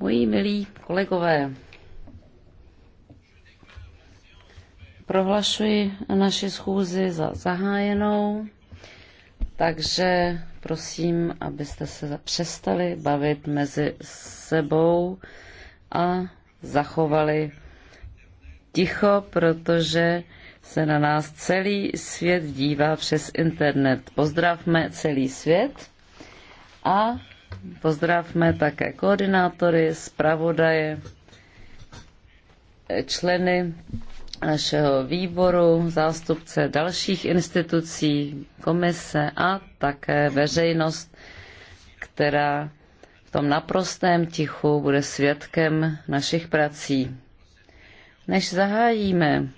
Moji milí kolegové, prohlašuji naši schůzi za zahájenou, takže prosím, abyste se přestali bavit mezi sebou a zachovali ticho, protože se na nás celý svět dívá přes internet. Pozdravme celý svět a Pozdravme také koordinátory, zpravodaje, členy našeho výboru, zástupce dalších institucí, komise a také veřejnost, která v tom naprostém tichu bude svědkem našich prací. Než zahájíme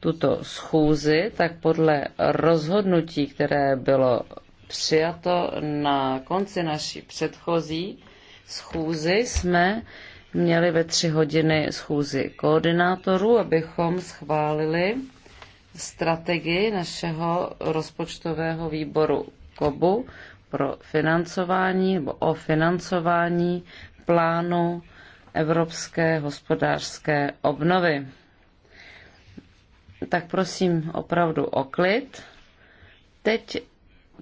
tuto schůzi, tak podle rozhodnutí, které bylo přijato na konci naší předchozí schůzi, jsme měli ve tři hodiny schůzi koordinátorů, abychom schválili strategii našeho rozpočtového výboru KOBu pro financování nebo o financování plánu evropské hospodářské obnovy. Tak prosím opravdu o klid. Teď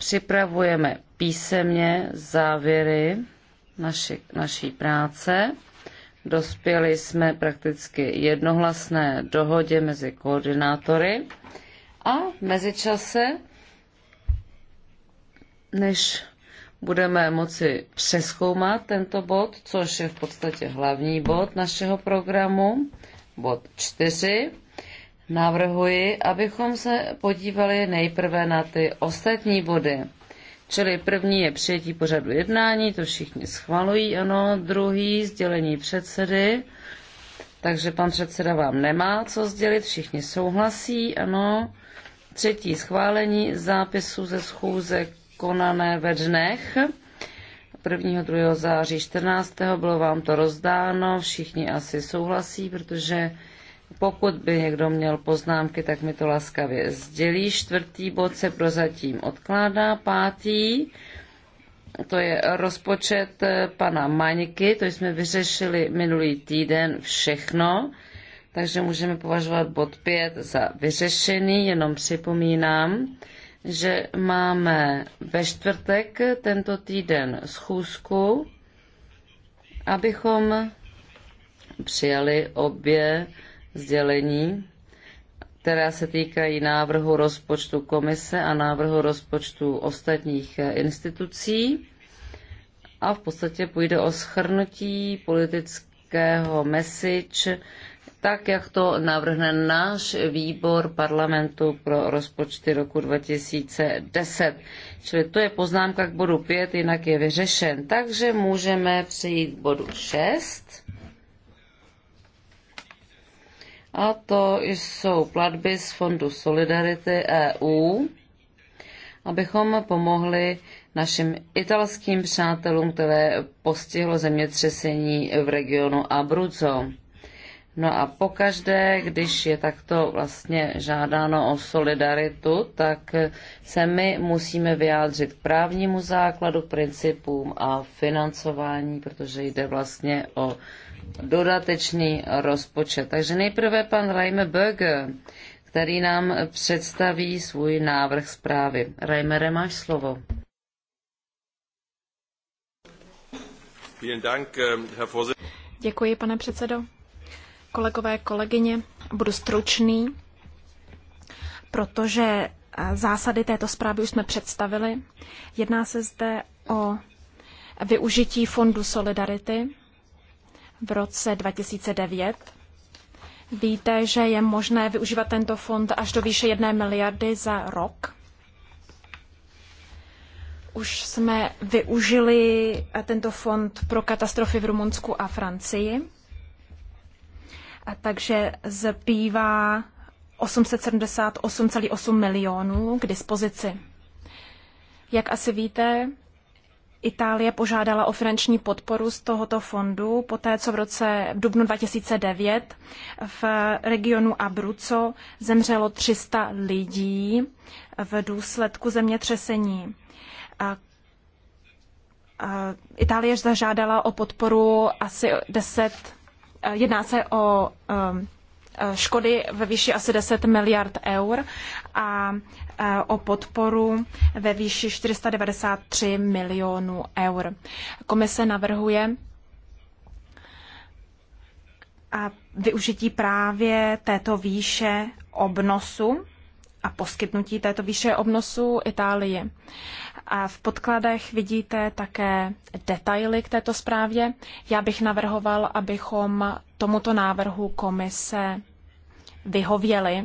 Připravujeme písemně závěry naši, naší práce. Dospěli jsme prakticky jednohlasné dohodě mezi koordinátory a v mezičase, než budeme moci přeskoumat tento bod, což je v podstatě hlavní bod našeho programu, bod 4, Navrhuji, abychom se podívali nejprve na ty ostatní body. Čili první je přijetí pořadu jednání, to všichni schvalují, ano. Druhý sdělení předsedy, takže pan předseda vám nemá co sdělit, všichni souhlasí, ano. Třetí schválení zápisu ze schůze konané ve dnech. 1. 2. září 14. bylo vám to rozdáno, všichni asi souhlasí, protože pokud by někdo měl poznámky, tak mi to laskavě sdělí. Čtvrtý bod se prozatím odkládá. Pátý, to je rozpočet eh, pana Maňky, to jsme vyřešili minulý týden všechno, takže můžeme považovat bod 5 za vyřešený, jenom připomínám, že máme ve čtvrtek tento týden schůzku, abychom přijali obě sdělení, která se týkají návrhu rozpočtu komise a návrhu rozpočtu ostatních eh, institucí. A v podstatě půjde o schrnutí politického message, tak jak to navrhne náš výbor parlamentu pro rozpočty roku 2010. Čili to je poznámka k bodu 5, jinak je vyřešen. Takže můžeme přejít k bodu 6 a to jsou platby z Fondu Solidarity EU, abychom pomohli našim italským přátelům, které postihlo zemětřesení v regionu Abruzzo. No a pokaždé, když je takto vlastně žádáno o solidaritu, tak se my musíme vyjádřit k právnímu základu, principům a financování, protože jde vlastně o dodatečný rozpočet. Takže nejprve pan Reime Böge, který nám představí svůj návrh zprávy. Reimere, máš slovo. Eh, Děkuji, pane předsedo. Kolegové, kolegyně, budu stručný, protože eh, zásady této zprávy už jsme představili. Jedná se zde o využití fondu Solidarity v roce 2009. Víte, že je možné využívat tento fond až do výše jedné miliardy za rok. Už jsme využili tento fond pro katastrofy v Rumunsku a Francii. A takže zbývá 878,8 milionů k dispozici. Jak asi víte, Itálie požádala o finanční podporu z tohoto fondu, poté co v roce v dubnu 2009 v regionu Abruzzo zemřelo 300 lidí v důsledku zemětřesení. A Itálie zažádala o podporu asi 10, jedná se o škody ve výši asi 10 miliard eur a Eh, o podporu ve výši 493 milionů eur. Komise navrhuje a eh, využití právě této výše obnosu a poskytnutí této výše obnosu Itálii. A v podkladech vidíte také detaily k této zprávě. Já bych navrhoval, abychom tomuto návrhu komise vyhověli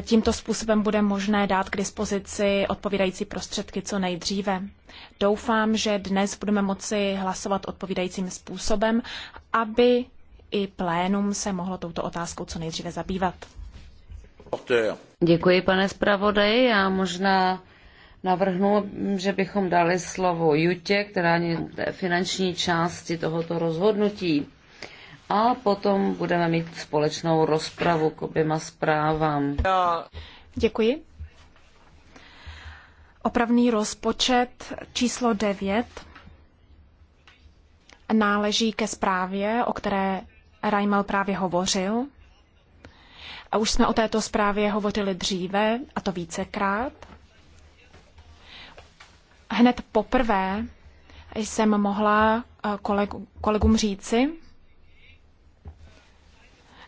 Tímto způsobem bude možné dát k dispozici odpovídající prostředky co nejdříve. Doufám, že dnes budeme moci hlasovat odpovídajícím způsobem, aby i plénum se mohlo touto otázkou co nejdříve zabývat. Děkuji, pane zpravodaji. Já možná navrhnu, že bychom dali slovo Jutě, která je finanční části tohoto rozhodnutí a potom budeme mít společnou rozpravu k oběma zprávám. Děkuji. Opravný rozpočet číslo 9 náleží ke zprávě, o které Rajmel právě hovořil. A už jsme o této zprávě hovořili dříve, a to vícekrát. Hned poprvé jsem mohla eh, kolegům říci,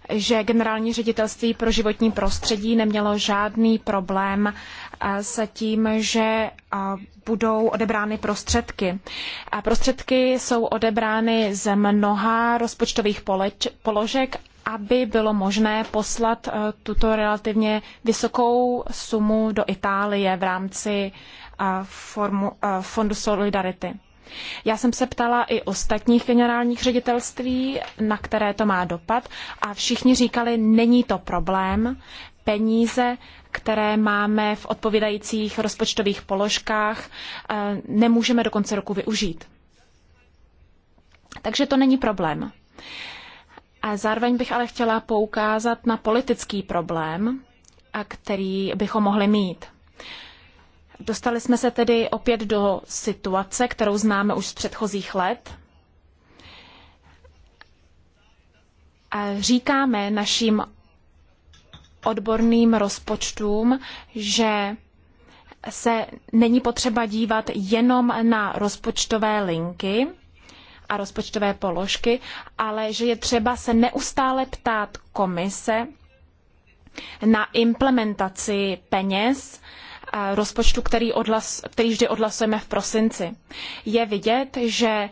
že generální ředitelství pro životní prostředí nemělo žádný problém eh, s tím, že eh, budou odebrány prostředky. A prostředky jsou odebrány z mnoha rozpočtových položek, aby bylo možné poslat eh, tuto relativně vysokou sumu do Itálie v rámci formu, Fondu Solidarity. Já jsem se ptala i ostatních generálních ředitelství, na které to má dopad, a všichni říkali, není to problém, peníze, které máme v odpovídajících rozpočtových položkách, eh, nemůžeme do konce roku využít. Takže to není problém. A zároveň bych ale chtěla poukázat na politický problém, a který bychom mohli mít. Dostali jsme se tedy opět do situace, kterou známe už z předchozích let. A říkáme našim odborným rozpočtům, že se není potřeba dívat jenom na rozpočtové linky a rozpočtové položky, ale že je třeba se neustále ptát komise na implementaci peněz, rozpočtu, který, odhlas, který vždy odhlasujeme v prosinci. Je vidět, že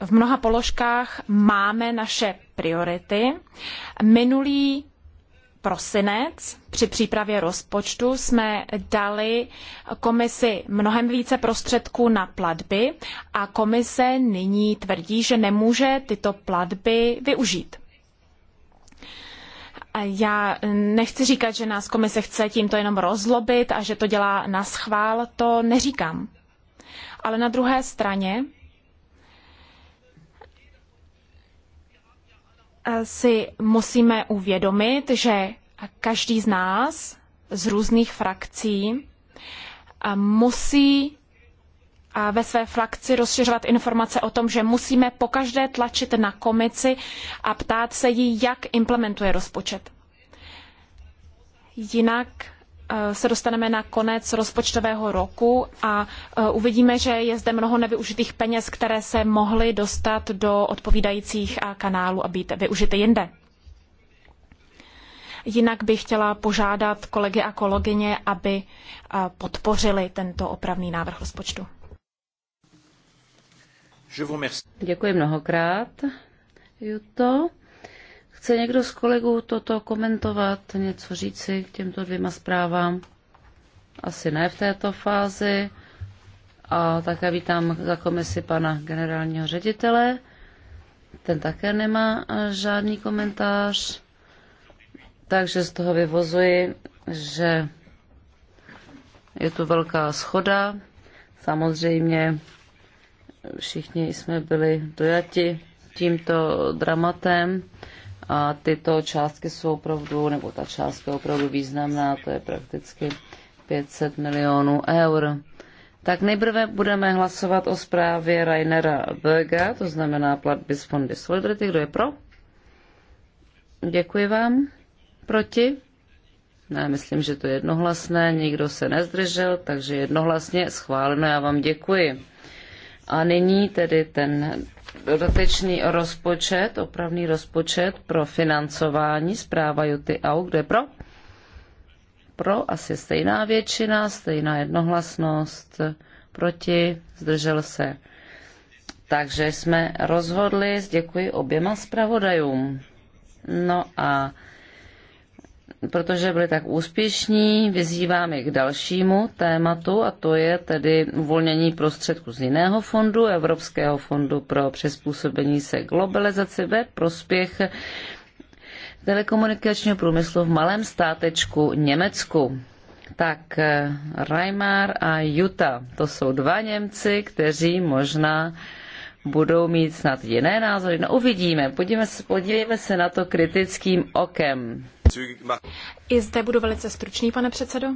v mnoha položkách máme naše priority. Minulý prosinec při přípravě rozpočtu jsme dali komisi mnohem více prostředků na platby a komise nyní tvrdí, že nemůže tyto platby využít. Já nechci říkat, že nás komise chce tímto jenom rozlobit a že to dělá na schvál, to neříkám. Ale na druhé straně eh, si musíme uvědomit, že každý z nás z různých frakcí eh, musí ve své frakci rozšiřovat informace o tom, že musíme pokaždé tlačit na komici a ptát se jí, jak implementuje rozpočet. Jinak eh, se dostaneme na konec rozpočtového roku a eh, uvidíme, že je zde mnoho nevyužitých peněz, které se mohly dostat do odpovídajících eh, kanálů a být využity jinde. Jinak bych chtěla požádat kolegy a kolegyně, aby podpořili tento opravný návrh rozpočtu. Děkuji mnohokrát, Juto. Chce někdo z kolegů toto komentovat, něco říci k těmto dvěma zprávám? Asi ne v této fázi. A také vítám za komisi pana generálního ředitele. Ten také nemá žádný komentář. Takže z toho vyvozuji, že je tu velká schoda. Samozřejmě všichni jsme byli dojati tímto dramatem a tyto částky jsou opravdu, nebo ta částka je opravdu významná, to je prakticky 500 milionů eur. Tak nejprve budeme hlasovat o zprávě Rainera Berga, to znamená platby z Fondy Solidarity. Kdo je pro? Děkuji vám. Proti? Ne, myslím, že to je jednohlasné, nikdo se nezdržel, takže jednohlasně schváleno. Já vám děkuji. A nyní tedy ten dodatečný rozpočet, opravný rozpočet pro financování zpráva Juty AU, kde pro? Pro asi stejná většina, stejná jednohlasnost, proti, zdržel se. Takže jsme rozhodli, děkuji oběma zpravodajům. No a protože byli tak úspěšní, vyzývám je k dalšímu tématu a to je tedy uvolnění prostředků z jiného fondu, Evropského fondu pro přizpůsobení se globalizaci ve prospěch telekomunikačního průmyslu v malém státečku Německu. Tak eh, Reimar a Juta, to jsou dva Němci, kteří možná budou mít snad jiné názory. No uvidíme, podívejme se, podívejme se na to kritickým okem. I zde budu velice stručný, pane předsedo.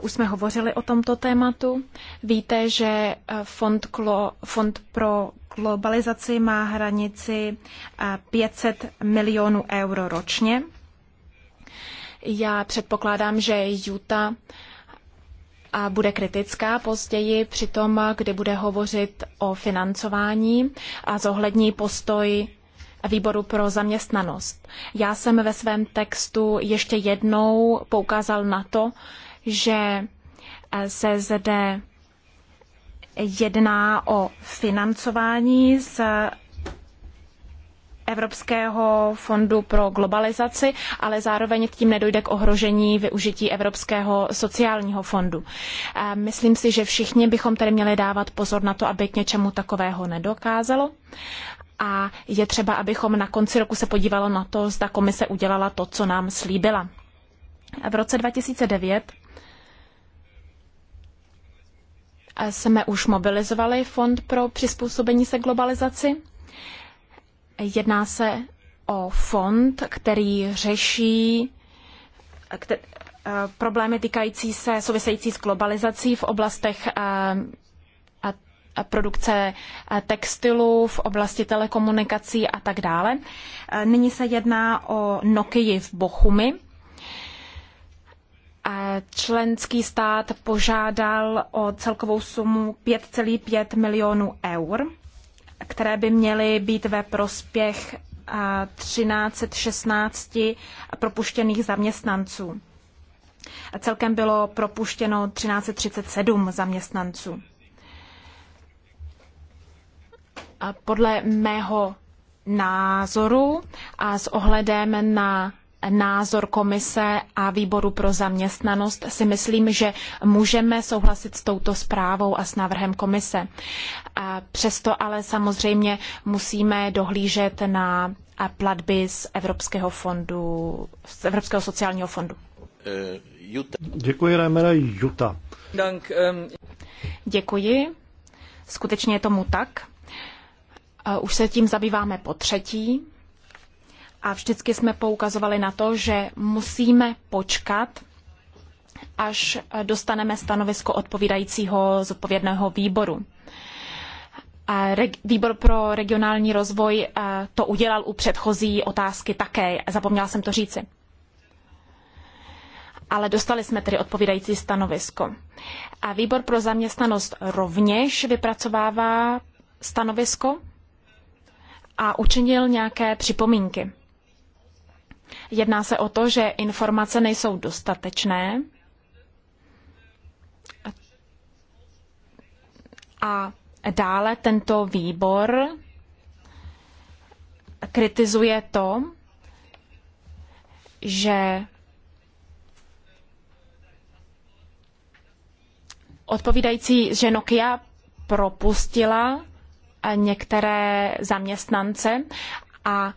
Už jsme hovořili o tomto tématu. Víte, že eh, Fond, Klo, fond pro globalizaci má hranici 500 eh, milionů euro ročně. Já předpokládám, že Juta a bude kritická později při tom, kdy bude hovořit o financování a zohlední postoj výboru pro zaměstnanost. Já jsem ve svém textu ještě jednou poukázal na to, že eh, se zde jedná o financování z Evropského fondu pro globalizaci, ale zároveň tím nedojde k ohrožení využití Evropského sociálního fondu. Eh, myslím si, že všichni bychom tedy měli dávat pozor na to, aby k něčemu takového nedokázalo a je třeba, abychom na konci roku se podívalo na to, zda komise udělala to, co nám slíbila. V roce 2009 jsme už mobilizovali Fond pro přizpůsobení se globalizaci. Jedná se o fond, který řeší eh, problémy týkající se související s globalizací v oblastech eh, produkce textilu, v oblasti telekomunikací a tak dále. Nyní se jedná o Nokia v Bochumi. Členský stát požádal o celkovou sumu 5,5 milionů eur, které by měly být ve prospěch 1316 propuštěných zaměstnanců. Celkem bylo propuštěno 1337 zaměstnanců. podle mého názoru a s ohledem na názor komise a výboru pro zaměstnanost si myslím, že můžeme souhlasit s touto zprávou a s návrhem komise. Přesto ale samozřejmě musíme dohlížet na platby z Evropského fondu, z Evropského sociálního fondu. Děkuji, Remera Juta. Ehm. Děkuji. Skutečně je tomu tak. Už se tím zabýváme po třetí a vždycky jsme poukazovali na to, že musíme počkat, až dostaneme stanovisko odpovídajícího zodpovědného výboru. A výbor pro regionální rozvoj eh, to udělal u předchozí otázky také, zapomněla jsem to říci. Ale dostali jsme tedy odpovídající stanovisko. A výbor pro zaměstnanost rovněž vypracovává stanovisko a učinil nějaké připomínky. Jedná se o to, že informace nejsou dostatečné a dále tento výbor kritizuje to, že odpovídající, že Nokia propustila některé zaměstnance a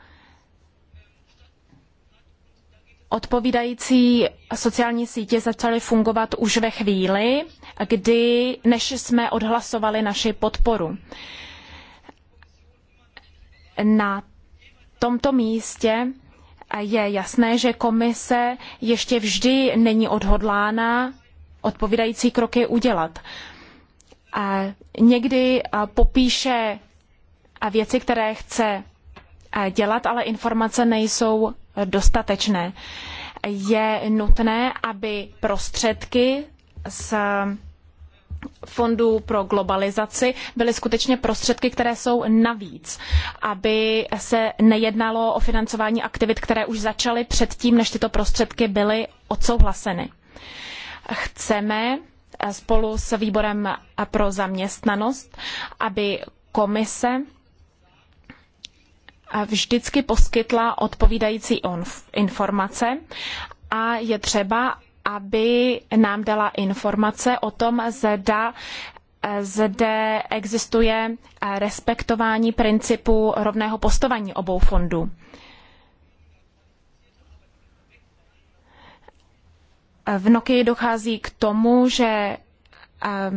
odpovídající sociální sítě začaly fungovat už ve chvíli, kdy, než jsme odhlasovali naši podporu. Na tomto místě je jasné, že komise ještě vždy není odhodlána odpovídající kroky udělat někdy popíše věci, které chce dělat, ale informace nejsou dostatečné. Je nutné, aby prostředky z fondu pro globalizaci byly skutečně prostředky, které jsou navíc, aby se nejednalo o financování aktivit, které už začaly předtím, než tyto prostředky byly odsouhlaseny. Chceme spolu s výborem pro zaměstnanost, aby komise vždycky poskytla odpovídající informace a je třeba, aby nám dala informace o tom, zda zde existuje respektování principu rovného postavení obou fondů. v Nokii dochází k tomu, že eh,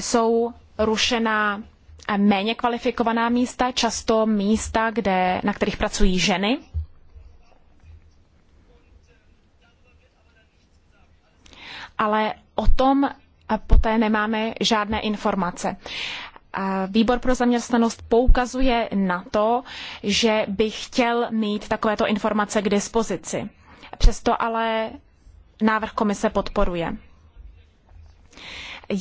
jsou rušena eh, méně kvalifikovaná místa, často místa, kde, na kterých pracují ženy. Ale o tom eh, poté nemáme žádné informace. Výbor pro zaměstnanost poukazuje na to, že by chtěl mít takovéto informace k dispozici. Přesto ale návrh komise podporuje.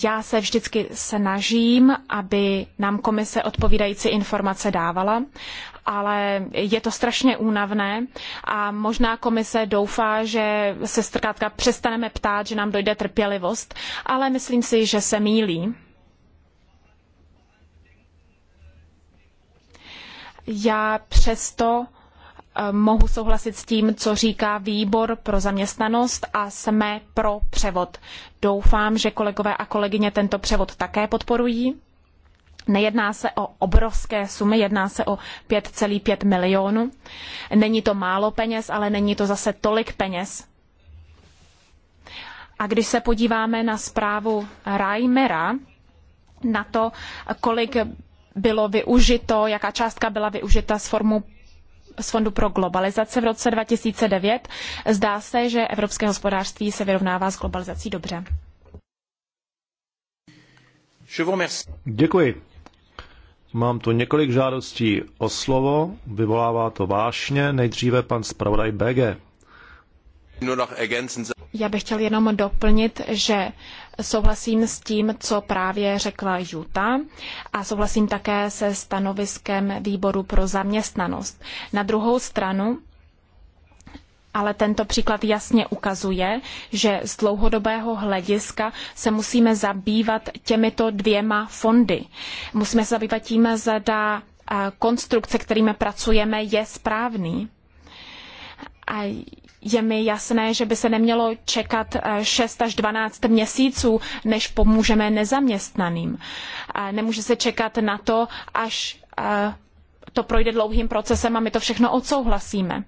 Já se vždycky snažím, aby nám komise odpovídající informace dávala, ale je to strašně únavné a možná komise doufá, že se zkrátka přestaneme ptát, že nám dojde trpělivost, ale myslím si, že se mílí. Já přesto mohu souhlasit s tím, co říká výbor pro zaměstnanost a jsme pro převod. Doufám, že kolegové a kolegyně tento převod také podporují. Nejedná se o obrovské sumy, jedná se o 5,5 milionů. Není to málo peněz, ale není to zase tolik peněz. A když se podíváme na zprávu Reimera, na to, kolik bylo využito, jaká částka byla využita s formou z Fondu pro globalizaci v roce 2009. Zdá se, že evropské hospodářství se vyrovnává s globalizací dobře. Děkuji. Mám tu několik žádostí o slovo, vyvolává to vášně. Nejdříve pan zpravodaj BG. Já bych chtěl jenom doplnit, že souhlasím s tím, co právě řekla Juta a souhlasím také se stanoviskem výboru pro zaměstnanost. Na druhou stranu, ale tento příklad jasně ukazuje, že z dlouhodobého hlediska se musíme zabývat těmito dvěma fondy. Musíme se zabývat tím, zda eh, konstrukce, kterými pracujeme, je správný. A je mi jasné, že by se nemělo čekat 6 eh, až 12 měsíců, než pomůžeme nezaměstnaným. Nemůže se čekat na to, až eh, to projde dlouhým procesem a my to všechno odsouhlasíme.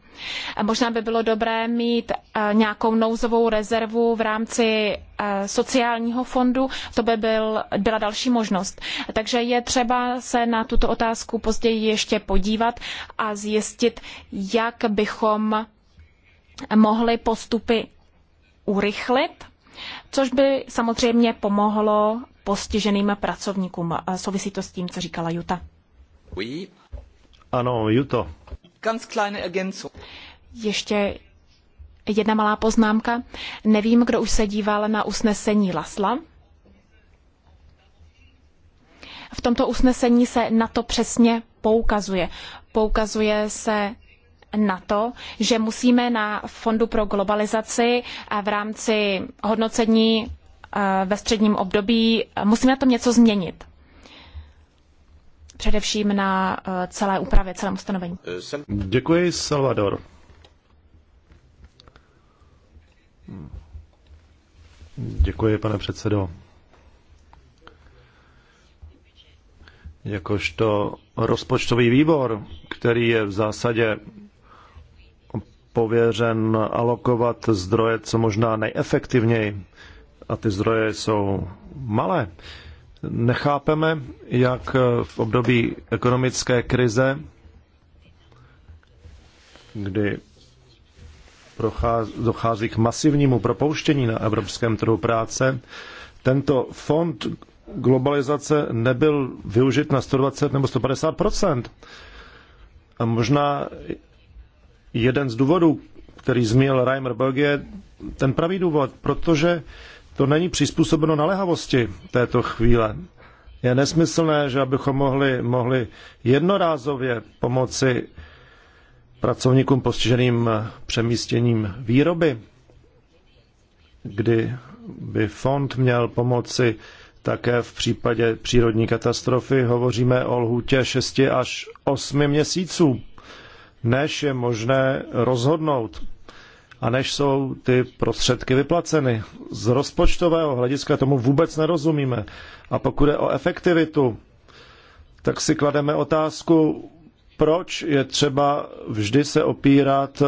Možná by bylo dobré mít eh, nějakou nouzovou rezervu v rámci sociálního fondu, to by byl, byla další možnost. Takže je třeba se na tuto otázku později ještě podívat a zjistit, jak bychom Mohly postupy urychlit, což by samozřejmě pomohlo postiženým pracovníkům. A souvisí to s tím, co říkala Juta. Oui. Ano, Juto. Ganz kleine Ergänzung. Ještě jedna malá poznámka. Nevím, kdo už se díval na usnesení Lasla. V tomto usnesení se na to přesně poukazuje. Poukazuje se na to, že musíme na Fondu pro globalizaci v rámci hodnocení eh, ve středním období, eh, musíme na tom něco změnit. Především na eh, celé úpravě, celém ustanovení. Děkuji, Salvador. Děkuji, pane předsedo. Jakožto rozpočtový výbor, který je v zásadě pověřen alokovat zdroje co možná nejefektivněji. A ty zdroje jsou malé. Nechápeme, jak v období ekonomické krize, kdy dochází k masivnímu propouštění na evropském trhu práce, tento fond globalizace nebyl využit na 120 nebo 150 A možná jeden z důvodů, který zmínil Reimer Berg, je ten pravý důvod, protože to není přizpůsobeno naléhavosti této chvíle. Je nesmyslné, že abychom mohli, mohli jednorázově pomoci pracovníkům postiženým přemístěním výroby, kdy by fond měl pomoci také v případě přírodní katastrofy. Hovoříme o lhůtě 6 až 8 měsíců než je možné rozhodnout a než jsou ty prostředky vyplaceny. Z rozpočtového hlediska tomu vůbec nerozumíme. A pokud je o efektivitu, tak si klademe otázku, proč je třeba vždy se opírat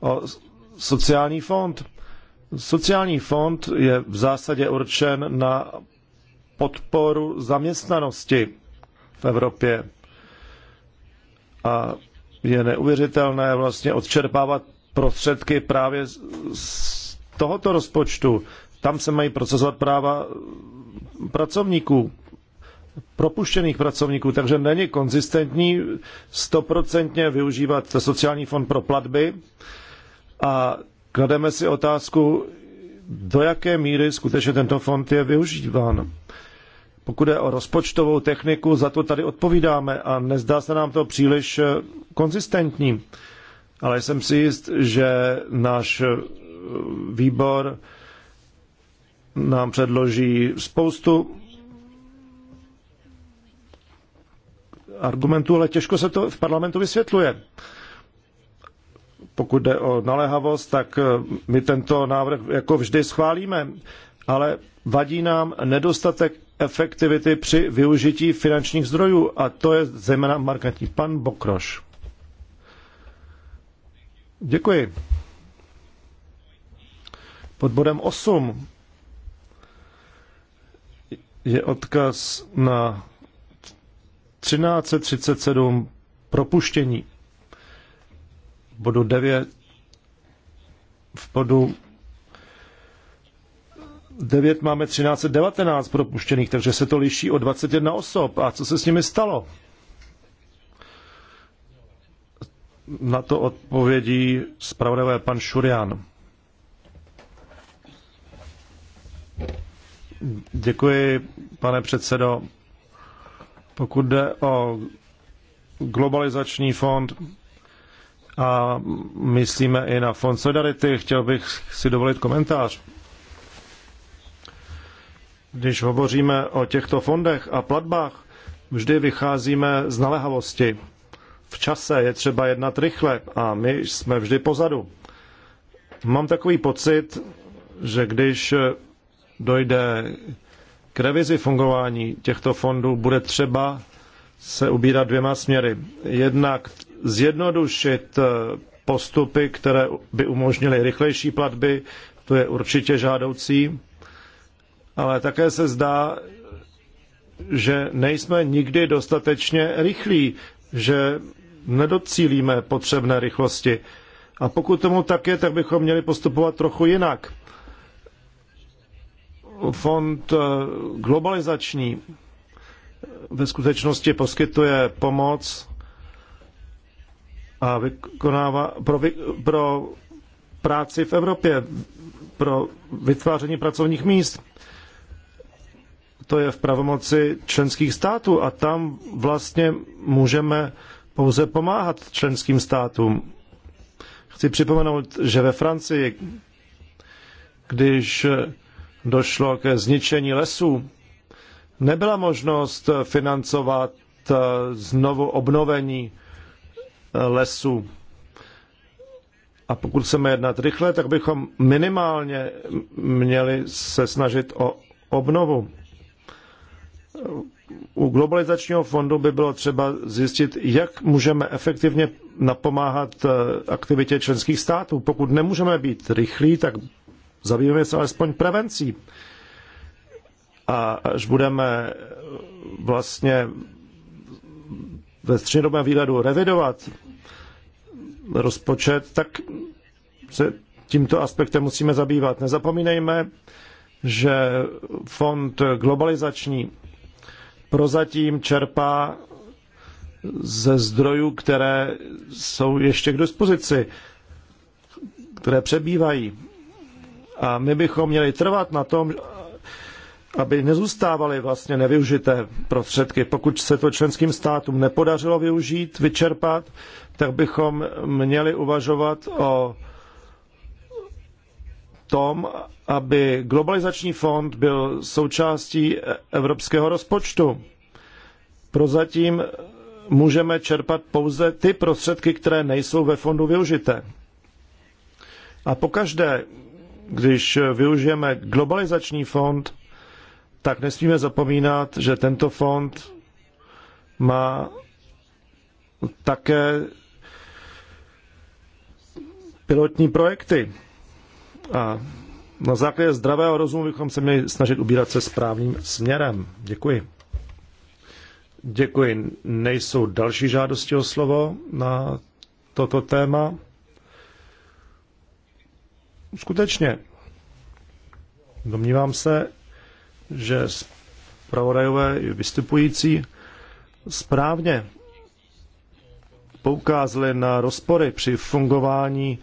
o sociální fond. Sociální fond je v zásadě určen na podporu zaměstnanosti v Evropě. A je neuvěřitelné vlastně odčerpávat prostředky právě z tohoto rozpočtu. Tam se mají procesovat práva pracovníků, propuštěných pracovníků, takže není konzistentní stoprocentně využívat sociální fond pro platby a klademe si otázku, do jaké míry skutečně tento fond je využíván. Pokud je o rozpočtovou techniku, za to tady odpovídáme a nezdá se nám to příliš eh, konzistentní. Ale jsem si jist, že náš eh, výbor nám předloží spoustu argumentů, ale těžko se to v parlamentu vysvětluje. Pokud jde o naléhavost, tak eh, my tento návrh jako vždy schválíme, ale vadí nám nedostatek efektivity při využití finančních zdrojů a to je zejména markantní. Pan Bokroš. Děkuji. Pod bodem 8 je odkaz na 1337 propuštění. V bodu 9 v bodu 9 máme 1319 propuštěných, takže se to liší o 21 osob. A co se s nimi stalo? Na to odpovědí zpravodajové pan Šurian. Děkuji, pane předsedo. Pokud jde o globalizační fond a myslíme i na fond Solidarity, chtěl bych si dovolit komentář. Když hovoříme o těchto fondech a platbách, vždy vycházíme z naléhavosti. V čase je třeba jednat rychle a my jsme vždy pozadu. Mám takový pocit, že když dojde k revizi fungování těchto fondů, bude třeba se ubírat dvěma směry. Jednak zjednodušit postupy, které by umožnily rychlejší platby, to je určitě žádoucí ale také se zdá, že nejsme nikdy dostatečně rychlí, že nedocílíme potřebné rychlosti. A pokud tomu tak je, tak bychom měli postupovat trochu jinak. Fond eh, globalizační ve skutečnosti poskytuje pomoc a vykonává pro, vy, pro práci v Evropě, pro vytváření pracovních míst to je v pravomoci členských států a tam vlastně můžeme pouze pomáhat členským státům. Chci připomenout, že ve Francii, když došlo ke zničení lesů, nebyla možnost financovat eh, znovu obnovení eh, lesů. A pokud chceme jednat rychle, tak bychom minimálně měli se snažit o obnovu u globalizačního fondu by bylo třeba zjistit, jak můžeme efektivně napomáhat eh, aktivitě členských států. Pokud nemůžeme být rychlí, tak zabýváme se alespoň prevencí. A až budeme eh, vlastně ve střednědobém výhledu revidovat rozpočet, tak se tímto aspektem musíme zabývat. Nezapomínejme, že fond globalizační prozatím čerpá ze zdrojů, které jsou ještě k dispozici, které přebývají. A my bychom měli trvat na tom, aby nezůstávaly vlastně nevyužité prostředky. Pokud se to členským státům nepodařilo využít, vyčerpat, tak bychom měli uvažovat o tom, aby globalizační fond byl součástí evropského rozpočtu. Prozatím můžeme čerpat pouze ty prostředky, které nejsou ve fondu využité. A pokaždé, když využijeme globalizační fond, tak nesmíme zapomínat, že tento fond má také pilotní projekty. A na základě zdravého rozumu bychom se měli snažit ubírat se správným směrem. Děkuji. Děkuji. Nejsou další žádosti o slovo na toto téma? Skutečně. Domnívám se, že zpravodajové vystupující správně poukázali na rozpory při fungování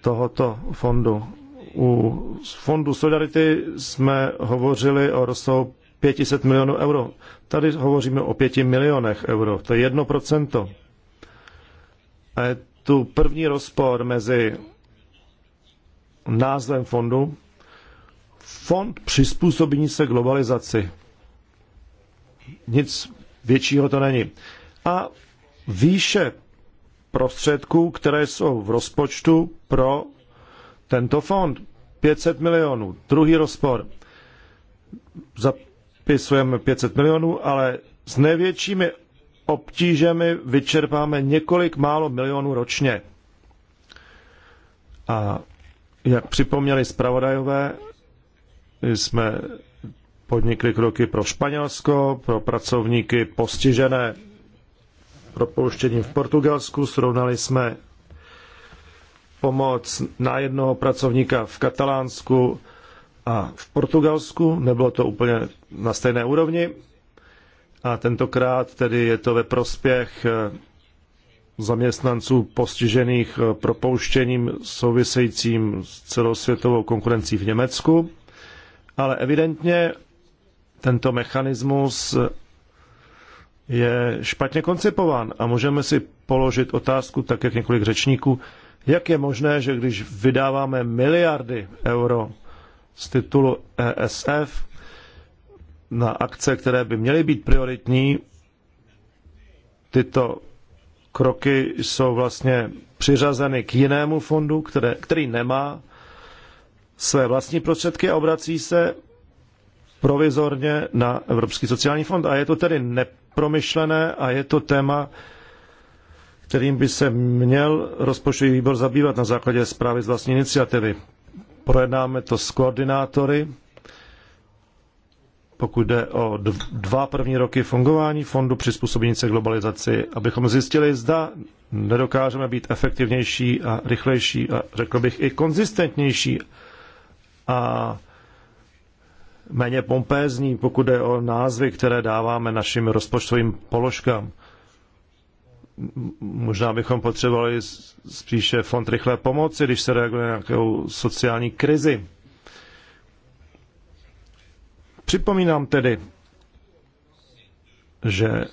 tohoto fondu. U fondu Solidarity jsme hovořili o rozsahu 500 milionů euro. Tady hovoříme o 5 milionech euro. To je procento. A je tu první rozpor mezi názvem fondu Fond přizpůsobení se globalizaci. Nic většího to není. A výše prostředků, které jsou v rozpočtu pro tento fond. 500 milionů. Druhý rozpor. Zapisujeme 500 milionů, ale s největšími obtížemi vyčerpáme několik málo milionů ročně. A jak připomněli zpravodajové, jsme podnikli kroky pro Španělsko, pro pracovníky postižené propouštěním v Portugalsku, srovnali jsme pomoc na jednoho pracovníka v Katalánsku a v Portugalsku. Nebylo to úplně na stejné úrovni. A tentokrát tedy je to ve prospěch eh, zaměstnanců postižených eh, propouštěním souvisejícím s celosvětovou konkurencí v Německu. Ale evidentně tento mechanismus eh, je špatně koncipován a můžeme si položit otázku, tak jak několik řečníků, jak je možné, že když vydáváme miliardy euro z titulu ESF na akce, které by měly být prioritní, tyto kroky jsou vlastně přiřazeny k jinému fondu, které, který nemá své vlastní prostředky a obrací se provizorně na Evropský sociální fond. A je to tedy nepromyšlené a je to téma, kterým by se měl rozpočtový výbor zabývat na základě zprávy z vlastní iniciativy. Projednáme to s koordinátory, pokud jde o dva první roky fungování Fondu přizpůsobení se globalizaci, abychom zjistili, zda nedokážeme být efektivnější a rychlejší a řekl bych i konzistentnější a méně pompézní, pokud jde o názvy, které dáváme našim rozpočtovým položkám možná bychom potřebovali spíše fond rychlé pomoci, když se reaguje na nějakou sociální krizi. Připomínám tedy, že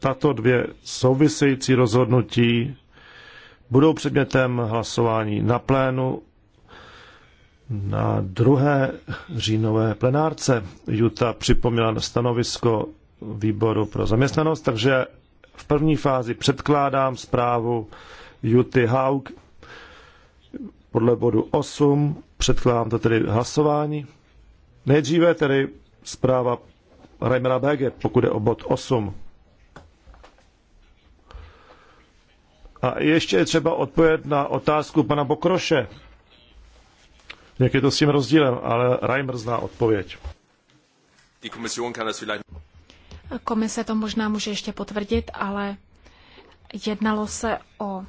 tato dvě související rozhodnutí budou předmětem hlasování na plénu na druhé říjnové plenárce. Juta připomněla stanovisko výboru pro zaměstnanost, takže v první fázi předkládám zprávu Juty Haug podle bodu 8. Předkládám to tedy hlasování. Nejdříve tedy zpráva Reimera BG, pokud je o bod 8. A ještě je třeba odpovědět na otázku pana Bokroše. Jak je to s tím rozdílem, ale Reimer zná odpověď. Komise to možná může ještě potvrdit, ale jednalo se o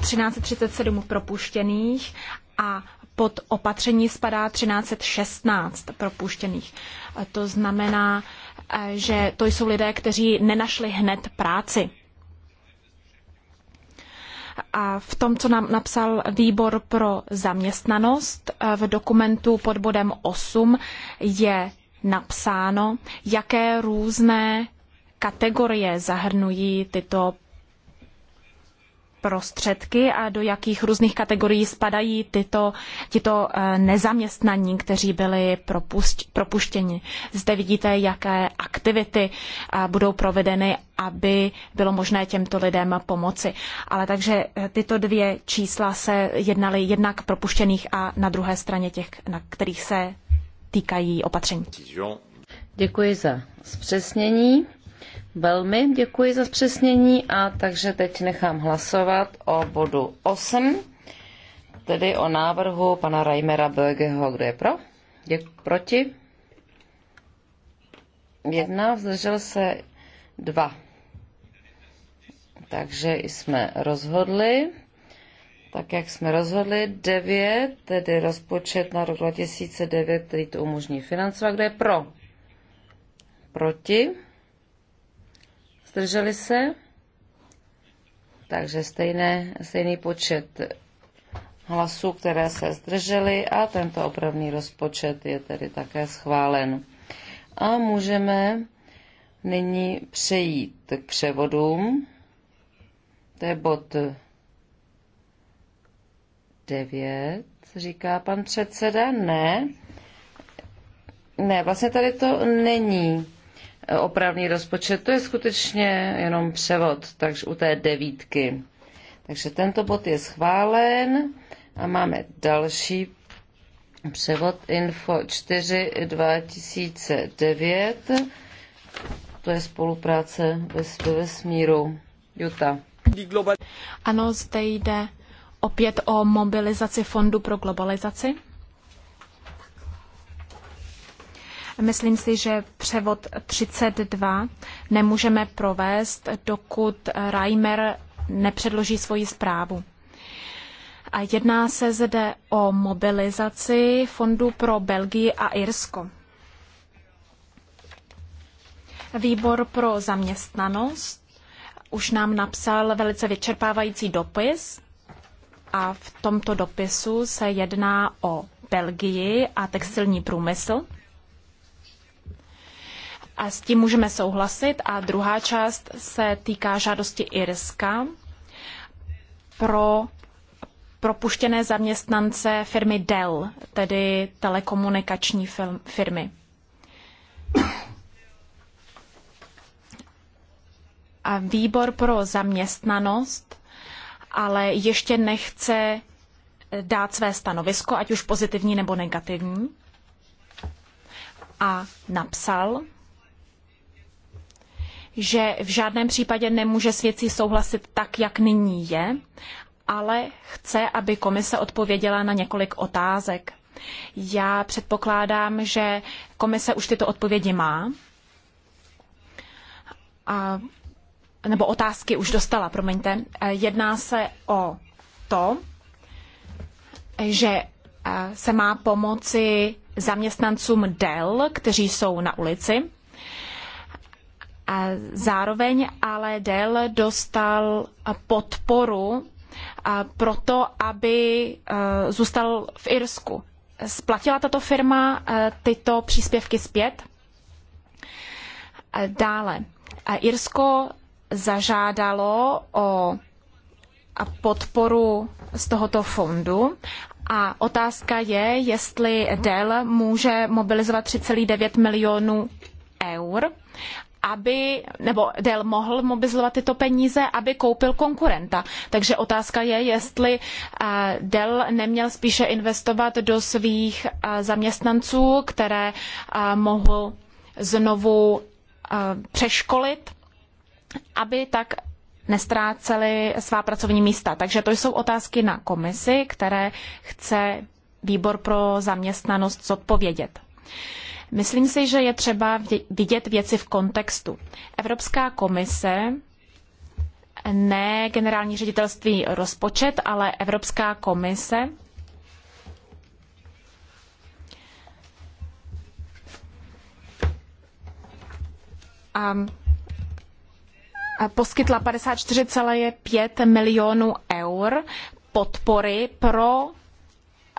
1337 eh, propuštěných a pod opatření spadá 1316 propuštěných. Eh, to znamená, eh, že to jsou lidé, kteří nenašli hned práci. A v tom, co nám napsal výbor pro zaměstnanost v dokumentu pod bodem 8, je napsáno, jaké různé kategorie zahrnují tyto prostředky a do jakých různých kategorií spadají tyto, tyto eh, nezaměstnaní, kteří byli propuštěni. Zde vidíte, jaké aktivity eh, budou provedeny, aby bylo možné těmto lidem pomoci. Ale takže eh, tyto dvě čísla se jednaly jednak propuštěných a na druhé straně těch, na kterých se týkají opatření. Děkuji za zpřesnění. Velmi děkuji za zpřesnění a takže teď nechám hlasovat o bodu 8, tedy o návrhu pana Reimera Bögeho. Kdo je pro? Děk, proti? Jedna, vzdržel se dva. Takže jsme rozhodli tak jak jsme rozhodli, 9, tedy rozpočet na rok 2009, který to umožní financovat. Kdo je pro? Proti? Zdrželi se? Takže stejné, stejný počet hlasů, které se zdržely a tento opravný rozpočet je tedy také schválen. A můžeme nyní přejít k převodům. To je bod 9, říká pan předseda, ne. Ne, vlastně tady to není opravný rozpočet, to je skutečně jenom převod, takže u té devítky. Takže tento bod je schválen a máme další převod info 4 2009. To je spolupráce ve vesmíru. Juta. Ano, zde jde opět o mobilizaci Fondu pro globalizaci. Myslím si, že převod 32 nemůžeme provést, dokud Reimer nepředloží svoji zprávu. A jedná se zde o mobilizaci fondu pro Belgii a Irsko. Výbor pro zaměstnanost už nám napsal velice vyčerpávající dopis a v tomto dopisu se jedná o Belgii a textilní průmysl. A s tím můžeme souhlasit. A druhá část se týká žádosti Irska pro propuštěné zaměstnance firmy Dell, tedy telekomunikační firmy. A výbor pro zaměstnanost ale ještě nechce dát své stanovisko, ať už pozitivní nebo negativní. A napsal, že v žádném případě nemůže s věcí souhlasit tak, jak nyní je, ale chce, aby komise odpověděla na několik otázek. Já předpokládám, že komise už tyto odpovědi má. A nebo otázky už dostala, promiňte. Eh, jedná se o to, že eh, se má pomoci zaměstnancům Dell, kteří jsou na ulici. Eh, zároveň ale Dell dostal podporu proto, aby zůstal v Irsku. Splatila tato firma tyto příspěvky zpět? Dále. Irsko zažádalo o podporu z tohoto fondu a otázka je, jestli Dell může mobilizovat 3,9 milionů eur, aby, nebo Dell mohl mobilizovat tyto peníze, aby koupil konkurenta. Takže otázka je, jestli eh, Dell neměl spíše investovat do svých eh, zaměstnanců, které eh, mohl znovu přeškolit aby tak nestráceli svá pracovní místa. Takže to jsou otázky na komisi, které chce výbor pro zaměstnanost zodpovědět. Myslím si, že je třeba vidět věci v kontextu. Evropská komise, ne generální ředitelství rozpočet, ale Evropská komise a poskytla 54,5 milionů eur podpory pro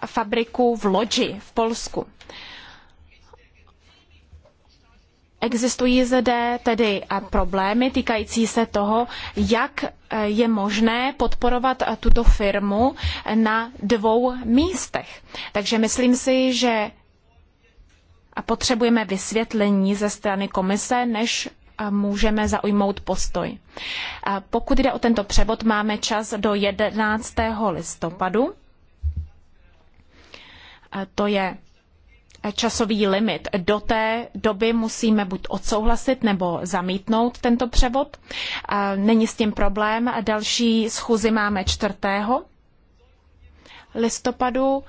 fabriku v Lodži v Polsku. Existují zde tedy problémy týkající se toho, jak eh, je možné podporovat tuto firmu na dvou místech. Takže myslím si, že potřebujeme vysvětlení ze strany komise, než můžeme zaujmout postoj. Pokud jde o tento převod, máme čas do 11. listopadu. To je časový limit. Do té doby musíme buď odsouhlasit nebo zamítnout tento převod. Není s tím problém. Další schůzi máme 4. listopadu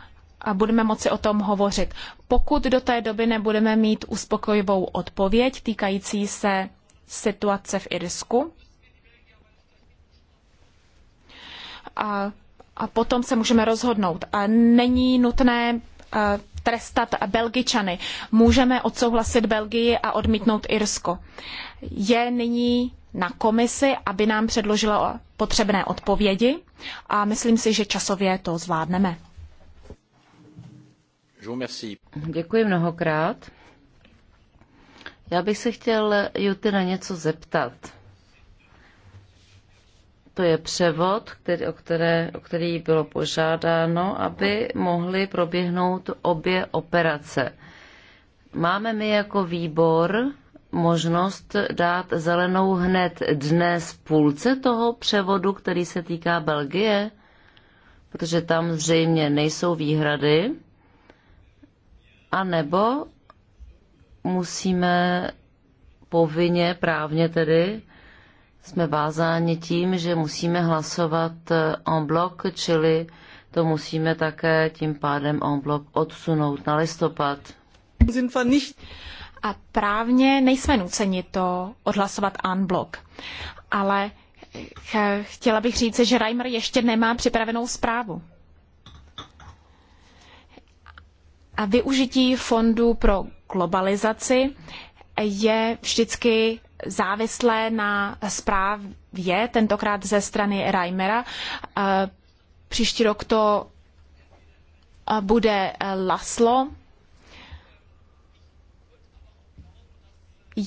a budeme moci o tom hovořit. Pokud do té doby nebudeme mít uspokojivou odpověď týkající se situace v Irsku, a, a potom se můžeme rozhodnout. A není nutné a, e, trestat Belgičany. Můžeme odsouhlasit Belgii a odmítnout Irsko. Je nyní na komisi, aby nám předložila potřebné odpovědi a myslím si, že časově to zvládneme. Děkuji mnohokrát. Já bych se chtěl Juty na něco zeptat. To je převod, který, o, které, o který bylo požádáno, aby mohly proběhnout obě operace. Máme my jako výbor možnost dát zelenou hned dnes půlce toho převodu, který se týká Belgie? Protože tam zřejmě nejsou výhrady. A nebo musíme povinně, právně tedy, jsme vázáni tím, že musíme hlasovat en bloc, čili to musíme také tím pádem en bloc odsunout na listopad. A právně nejsme nuceni to odhlasovat en bloc, ale chtěla bych říct, že Reimer ještě nemá připravenou zprávu. využití fondu pro globalizaci je vždycky závislé na zprávě, tentokrát ze strany Reimera. Příští rok to bude Laslo.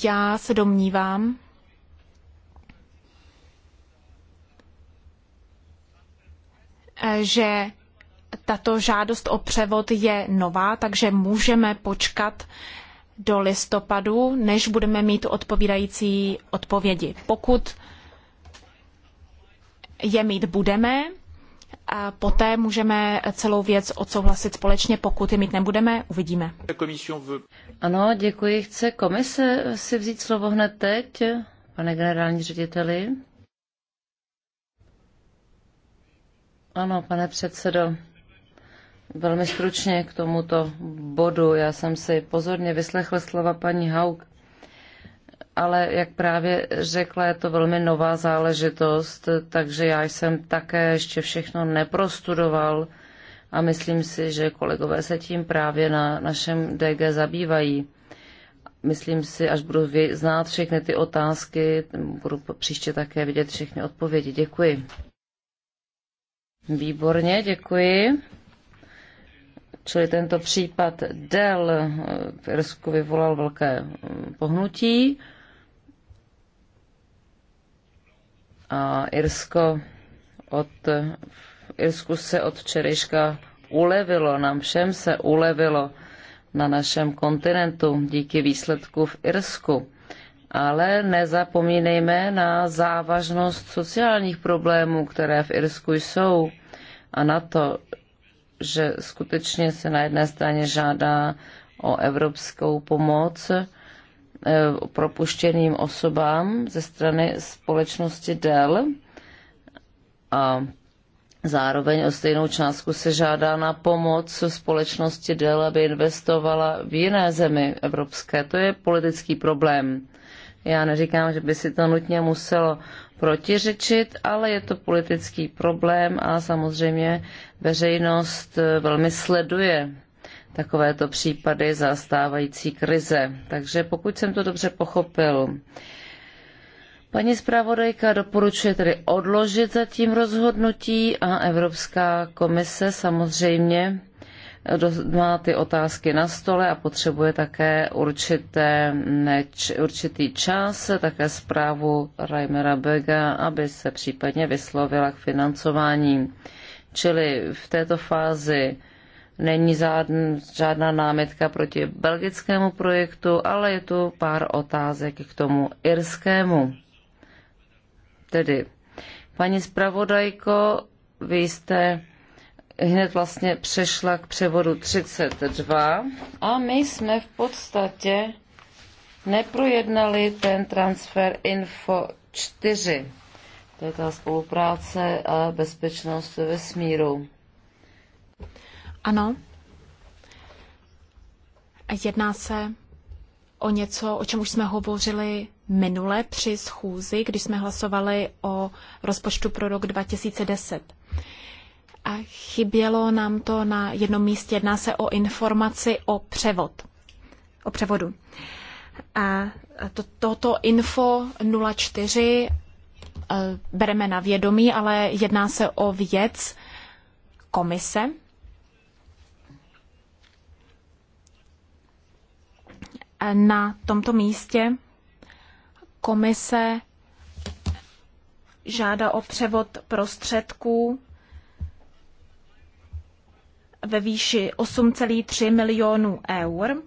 Já se domnívám, že tato žádost o převod je nová, takže můžeme počkat do listopadu, než budeme mít odpovídající odpovědi. Pokud je mít budeme, a poté můžeme celou věc odsouhlasit společně, pokud je mít nebudeme, uvidíme. Ano, děkuji. Chce komise si vzít slovo hned teď, pane generální řediteli? Ano, pane předsedo. Velmi stručně k tomuto bodu. Já jsem si pozorně vyslechl slova paní Haug, ale jak právě řekla, je to velmi nová záležitost, takže já jsem také ještě všechno neprostudoval a myslím si, že kolegové se tím právě na našem DG zabývají. Myslím si, až budu znát všechny ty otázky, budu příště také vidět všechny odpovědi. Děkuji. Výborně, děkuji. Čili tento případ Dell eh, v Irsku vyvolal velké eh, pohnutí. A Irsko od, v Irsku se od včerejška ulevilo, nám všem se ulevilo na našem kontinentu díky výsledku v Irsku. Ale nezapomínejme na závažnost sociálních problémů, které v Irsku jsou a na to, že skutečně se na jedné straně žádá o evropskou pomoc eh, propuštěným osobám ze strany společnosti Dell a zároveň o stejnou částku se žádá na pomoc společnosti Dell, aby investovala v jiné zemi evropské. To je politický problém. Já neříkám, že by si to nutně muselo protiřečit, ale je to politický problém a samozřejmě veřejnost eh, velmi sleduje takovéto případy zastávající krize. Takže pokud jsem to dobře pochopil, paní zpravodajka doporučuje tedy odložit zatím rozhodnutí a Evropská komise samozřejmě má ty otázky na stole a potřebuje také určité, neč, určitý čas, také zprávu Reimera Böga, aby se případně vyslovila k financování. Čili v této fázi není žádná námitka proti belgickému projektu, ale je tu pár otázek k tomu irskému. Tedy, paní zpravodajko, vy jste hned vlastně přešla k převodu 32 a my jsme v podstatě neprojednali ten transfer info 4. To je ta spolupráce a bezpečnost ve smíru. Ano. Jedná se o něco, o čem už jsme hovořili minule při schůzi, když jsme hlasovali o rozpočtu pro rok 2010. A chybělo nám to na jednom místě. Jedná se o informaci o převod, o převodu. A to, toto info 04 eh, bereme na vědomí, ale jedná se o věc komise. Na tomto místě komise žádá o převod prostředků ve výši 8,3 milionů eur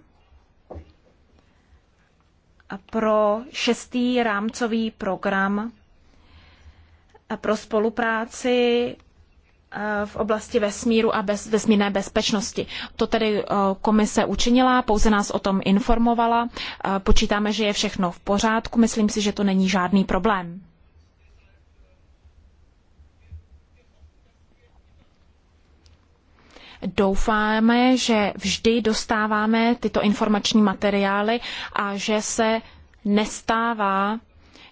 pro šestý rámcový program pro spolupráci eh, v oblasti vesmíru a bez, vesmírné bezpečnosti. To tedy eh, komise učinila, pouze nás o tom informovala. Eh, počítáme, že je všechno v pořádku. Myslím si, že to není žádný problém. Doufáme, že vždy dostáváme tyto informační materiály a že se nestává,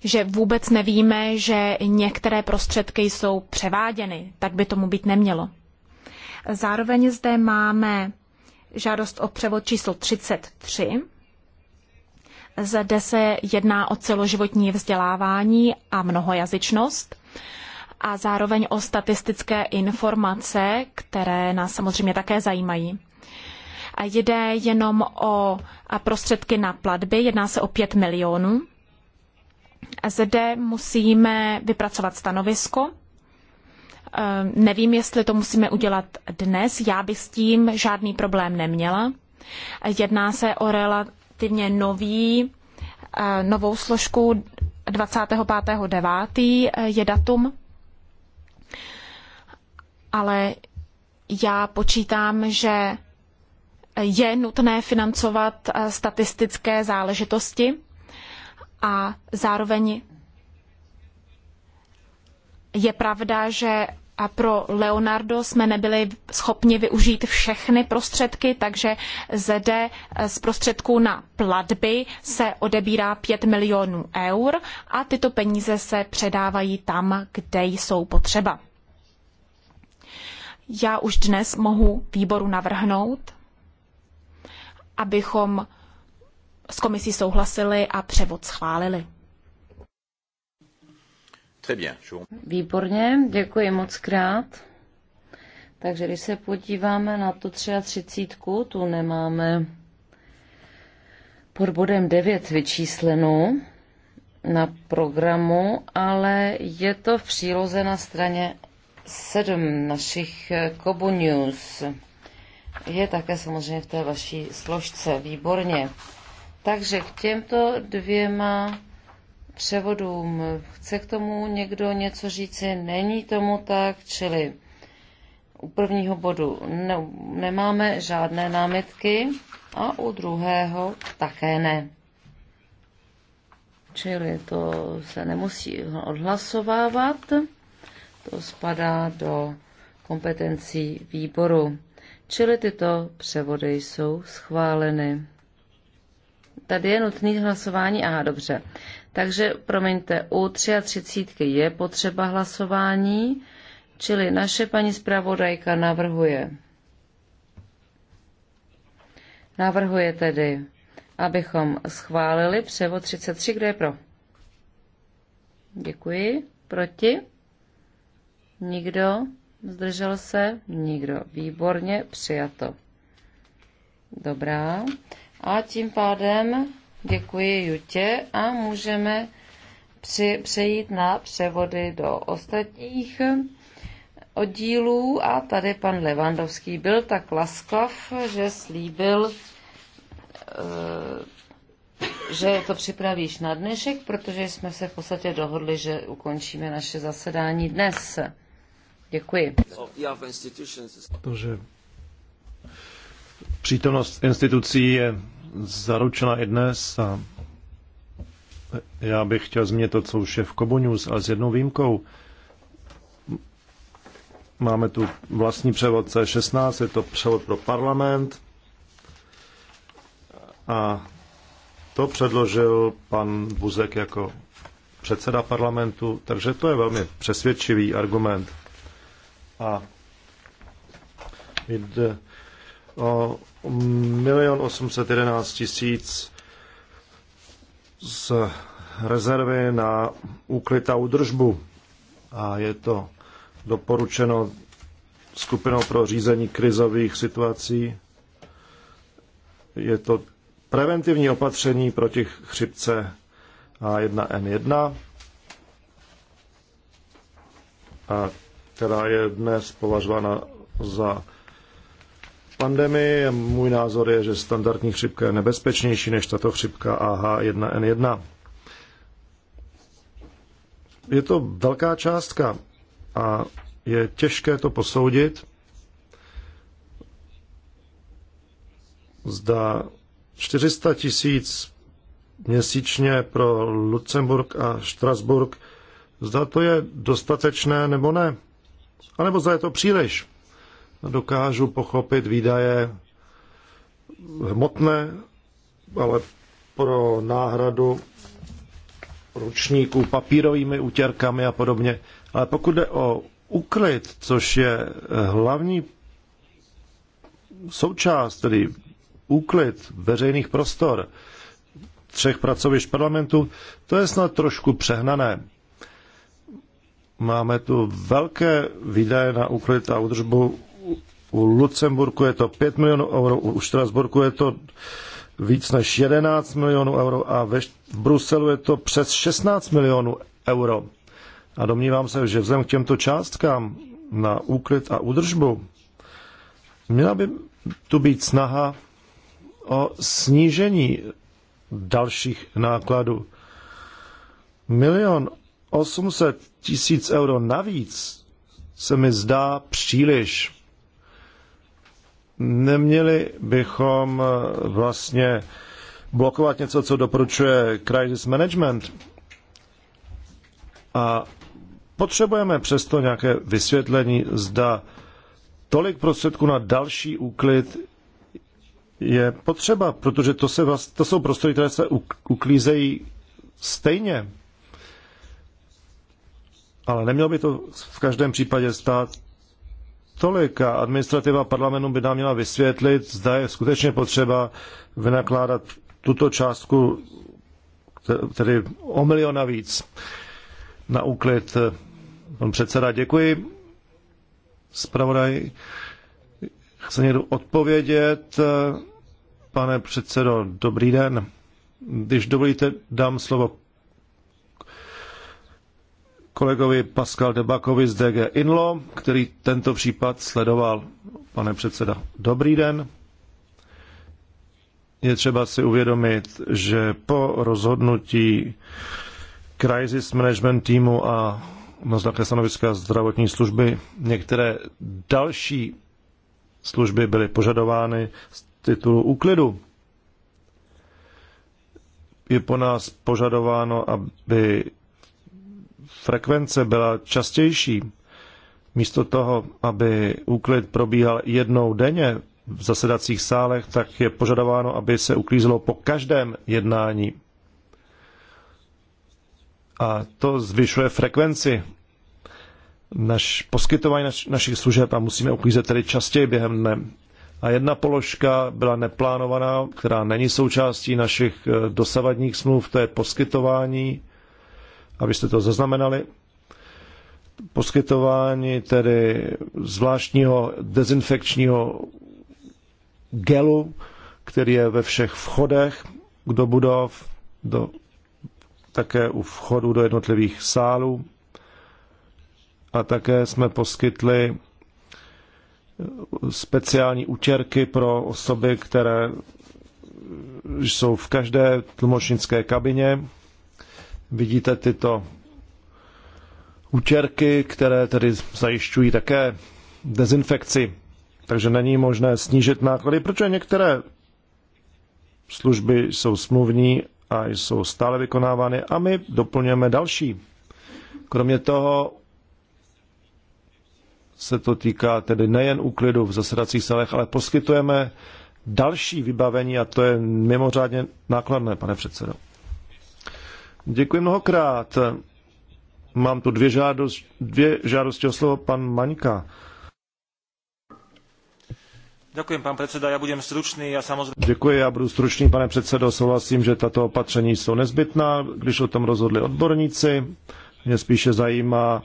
že vůbec nevíme, že některé prostředky jsou převáděny. Tak by tomu být nemělo. Zároveň zde máme žádost o převod číslo 33. Zde se jedná o celoživotní vzdělávání a mnohojazyčnost a zároveň o statistické informace, které nás samozřejmě také zajímají. A jde jenom o prostředky na platby, jedná se o 5 milionů. A zde musíme vypracovat stanovisko. Ehm, nevím, jestli to musíme udělat dnes, já bych s tím žádný problém neměla. Jedná se o relativně nový, ehm, novou složku 25.9. Eh, je datum ale já počítám, že je nutné financovat eh, statistické záležitosti a zároveň je pravda, že a eh, pro Leonardo jsme nebyli schopni využít všechny prostředky, takže zde eh, z prostředků na platby se odebírá 5 milionů eur a tyto peníze se předávají tam, kde jsou potřeba. Já už dnes mohu výboru navrhnout, abychom s komisí souhlasili a převod schválili. Výborně, děkuji moc krát. Takže když se podíváme na tu 33, tu nemáme pod bodem 9 vyčíslenou na programu, ale je to v příloze na straně sedm našich eh, Kobu News je také samozřejmě v té vaší složce. Výborně. Takže k těmto dvěma převodům chce k tomu někdo něco říci? Není tomu tak, čili u prvního bodu ne, nemáme žádné námitky a u druhého také ne. Čili to se nemusí odhlasovávat. To spadá do kompetencí výboru. Čili tyto převody jsou schváleny. Tady je nutný hlasování. Aha, dobře. Takže, promiňte, u 33 je potřeba hlasování, čili naše paní zpravodajka navrhuje. Navrhuje tedy, abychom schválili převod 33. Kdo je pro? Děkuji. Proti? Nikdo? Zdržel se? Nikdo. Výborně, přijato. Dobrá. A tím pádem děkuji Jutě a můžeme při, přejít na převody do ostatních oddílů a tady pan Levandovský byl tak laskav, že slíbil, eh, že to připravíš na dnešek, protože jsme se v podstatě dohodli, že ukončíme naše zasedání dnes. Děkuji. Protože přítomnost institucí je zaručena i dnes a já bych chtěl změnit to, co už je v Kobonius, ale s jednou výjimkou. Máme tu vlastní převod C16, je to převod pro parlament a to předložil pan Buzek jako předseda parlamentu, takže to je velmi přesvědčivý argument a mít o 1 811 tisíc z rezervy na úklid a udržbu. A je to doporučeno skupinou pro řízení krizových situací. Je to preventivní opatření proti chřipce A1N1. A která je dnes považována za pandemii. Můj názor je, že standardní chřipka je nebezpečnější než tato chřipka AH1N1. Je to velká částka a je těžké to posoudit. Zda 400 tisíc měsíčně pro Lucemburg a Štrasburg, zda to je dostatečné nebo ne anebo za je to příliš. Dokážu pochopit výdaje hmotné, ale pro náhradu ručníků papírovými útěrkami a podobně. Ale pokud jde o uklid, což je hlavní součást, tedy úklid veřejných prostor, třech pracovišť parlamentu, to je snad trošku přehnané. Máme tu velké výdaje na úklid a údržbu. U Lucemburku je to 5 milionů euro, u Štrasburku je to víc než 11 milionů euro a ve v Bruselu je to přes 16 milionů euro. A domnívám se, že vzhledem k těmto částkám na úklid a údržbu měla by tu být snaha o snížení dalších nákladů. Milion 800 tisíc euro navíc se mi zdá příliš. Neměli bychom eh, vlastně blokovat něco, co doporučuje crisis management. A potřebujeme přesto nějaké vysvětlení, zda tolik prostředků na další úklid je potřeba, protože to, se vlast, to jsou prostory, které se uklízejí stejně ale nemělo by to v každém případě stát tolik a administrativa parlamentu by nám měla vysvětlit, zda je skutečně potřeba vynakládat tuto částku, tedy o milion navíc, na úklid. Pan předseda, děkuji. Spravodaj, chce někdo odpovědět? Pane předsedo, dobrý den. Když dovolíte, dám slovo kolegovi Pascal Debakovi z DG Inlo, který tento případ sledoval. Pane předseda, dobrý den. Je třeba si uvědomit, že po rozhodnutí crisis management týmu a na základě stanoviska zdravotní služby některé další služby byly požadovány z titulu úklidu. Je po nás požadováno, aby frekvence byla častější, místo toho, aby úklid probíhal jednou denně v zasedacích sálech, tak je požadováno, aby se uklízelo po každém jednání. A to zvyšuje frekvenci naš, poskytování naš, našich služeb a musíme uklízet tedy častěji během dne. A jedna položka byla neplánovaná, která není součástí našich eh, dosavadních smluv, to je poskytování abyste to zaznamenali. Poskytování tedy zvláštního dezinfekčního gelu, který je ve všech vchodech do budov, do, také u vchodu do jednotlivých sálů. A také jsme poskytli speciální utěrky pro osoby, které jsou v každé tlumočnické kabině. Vidíte tyto účerky, které tedy zajišťují také dezinfekci. Takže není možné snížit náklady, protože některé služby jsou smluvní a jsou stále vykonávány a my doplňujeme další. Kromě toho se to týká tedy nejen úklidu v zasedacích salech, ale poskytujeme další vybavení a to je mimořádně nákladné, pane předsedo. Děkuji mnohokrát. Mám tu dvě, žádosti. dvě žádosti o slovo, pan Maňka. Děkuji, pan předseda, já budem stručný, já samozřejmě... Děkuji, já budu stručný, pane předsedo, souhlasím, že tato opatření jsou nezbytná, když o tom rozhodli odborníci. Mě spíše zajímá,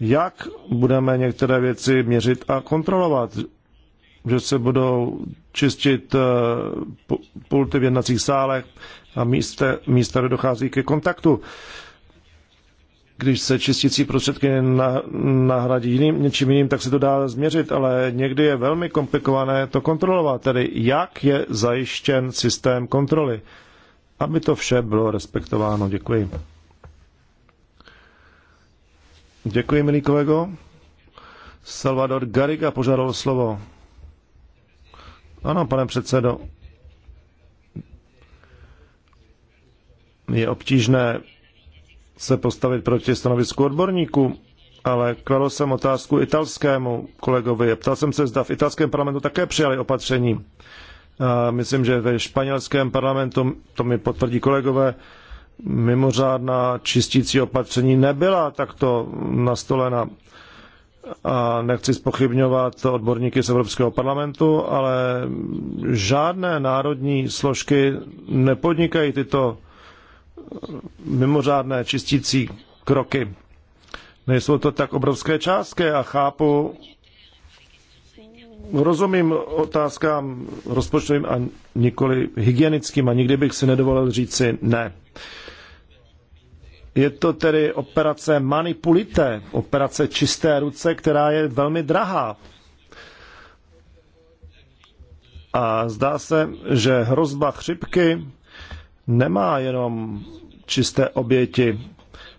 jak budeme některé věci měřit a kontrolovat že se budou čistit eh, pulty v jednacích sálech a místa, místa kde dochází ke kontaktu. Když se čistící prostředky nahradí jiným, něčím jiným, tak se to dá změřit, ale někdy je velmi komplikované to kontrolovat, tedy jak je zajištěn systém kontroly, aby to vše bylo respektováno. Děkuji. Děkuji, milý kolego. Salvador Garriga požádal slovo. Ano, pane předsedo. Je obtížné se postavit proti stanovisku odborníků, ale kladl jsem otázku italskému kolegovi. Ptal jsem se, zda v italském parlamentu také přijali opatření. A myslím, že ve španělském parlamentu, to mi potvrdí kolegové, mimořádná čistící opatření nebyla takto nastolena a nechci spochybňovat odborníky z Evropského parlamentu, ale žádné národní složky nepodnikají tyto mimořádné čistící kroky. Nejsou to tak obrovské částky a chápu, rozumím otázkám rozpočtovým a nikoli hygienickým a nikdy bych si nedovolil říci ne. Je to tedy operace manipulité, operace čisté ruce, která je velmi drahá. A zdá se, že hrozba chřipky nemá jenom čisté oběti,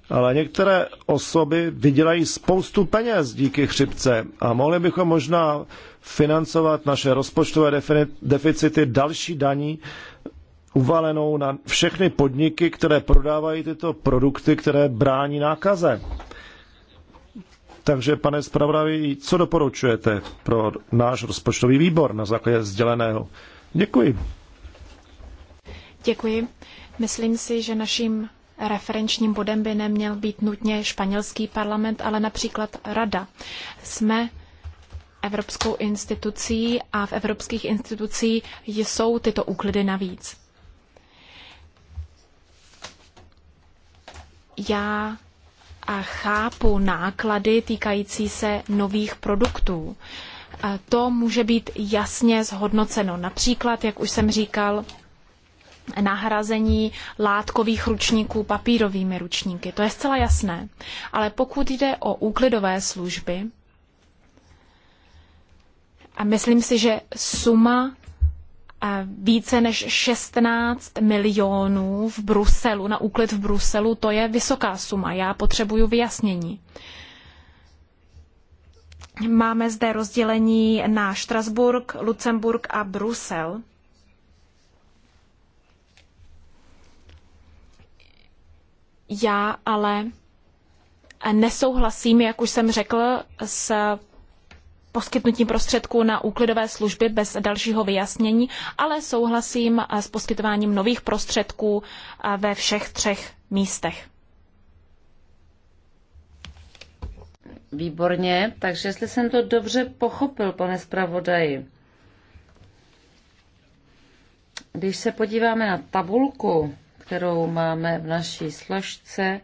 ale některé osoby vydělají spoustu peněz díky chřipce a mohli bychom možná financovat naše rozpočtové deficity další daní uvalenou na všechny podniky, které prodávají tyto produkty, které brání nákaze. Takže, pane zpravodaji, co doporučujete pro náš rozpočtový výbor na základě sděleného? Děkuji. Děkuji. Myslím si, že naším referenčním bodem by neměl být nutně španělský parlament, ale například rada. Jsme evropskou institucí a v evropských institucích jsou tyto úklidy navíc. Já a chápu náklady týkající se nových produktů. A to může být jasně zhodnoceno. Například, jak už jsem říkal, nahrazení látkových ručníků papírovými ručníky. To je zcela jasné. Ale pokud jde o úklidové služby, a myslím si, že suma více než 16 milionů v Bruselu, na úklid v Bruselu, to je vysoká suma. Já potřebuju vyjasnění. Máme zde rozdělení na Štrasburg, Lucemburg a Brusel. Já ale nesouhlasím, jak už jsem řekl, s poskytnutím prostředků na úklidové služby bez dalšího vyjasnění, ale souhlasím s poskytováním nových prostředků ve všech třech místech. Výborně, takže jestli jsem to dobře pochopil, pane zpravodaji, když se podíváme na tabulku, kterou máme v naší složce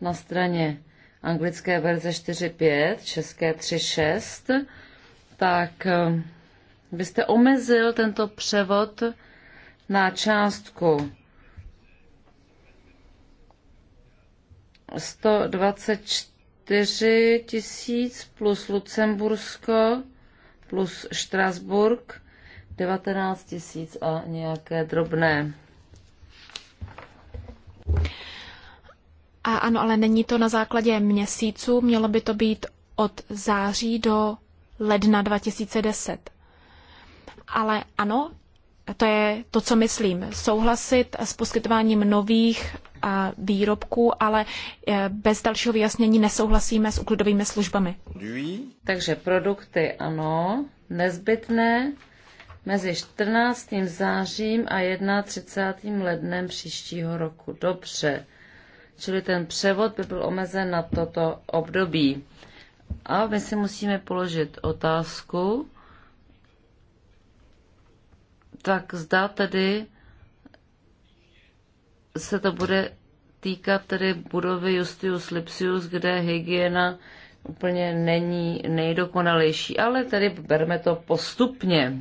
na straně anglické verze 4.5, české 3.6, tak eh, byste omezil tento převod na částku 124 tisíc plus Lucembursko plus Štrasburg 19 tisíc a nějaké drobné. A ano, ale není to na základě měsíců, mělo by to být od září do ledna 2010. Ale ano, to je to, co myslím. Souhlasit s poskytováním nových výrobků, ale e, bez dalšího vyjasnění nesouhlasíme s uklidovými službami. Takže produkty ano, nezbytné mezi 14. zářím a 31. lednem příštího roku. Dobře čili ten převod by byl omezen na toto období. A my si musíme položit otázku, tak zdá tedy se to bude týkat tedy budovy Justius Lipsius, kde hygiena úplně není nejdokonalejší, ale tedy berme to postupně.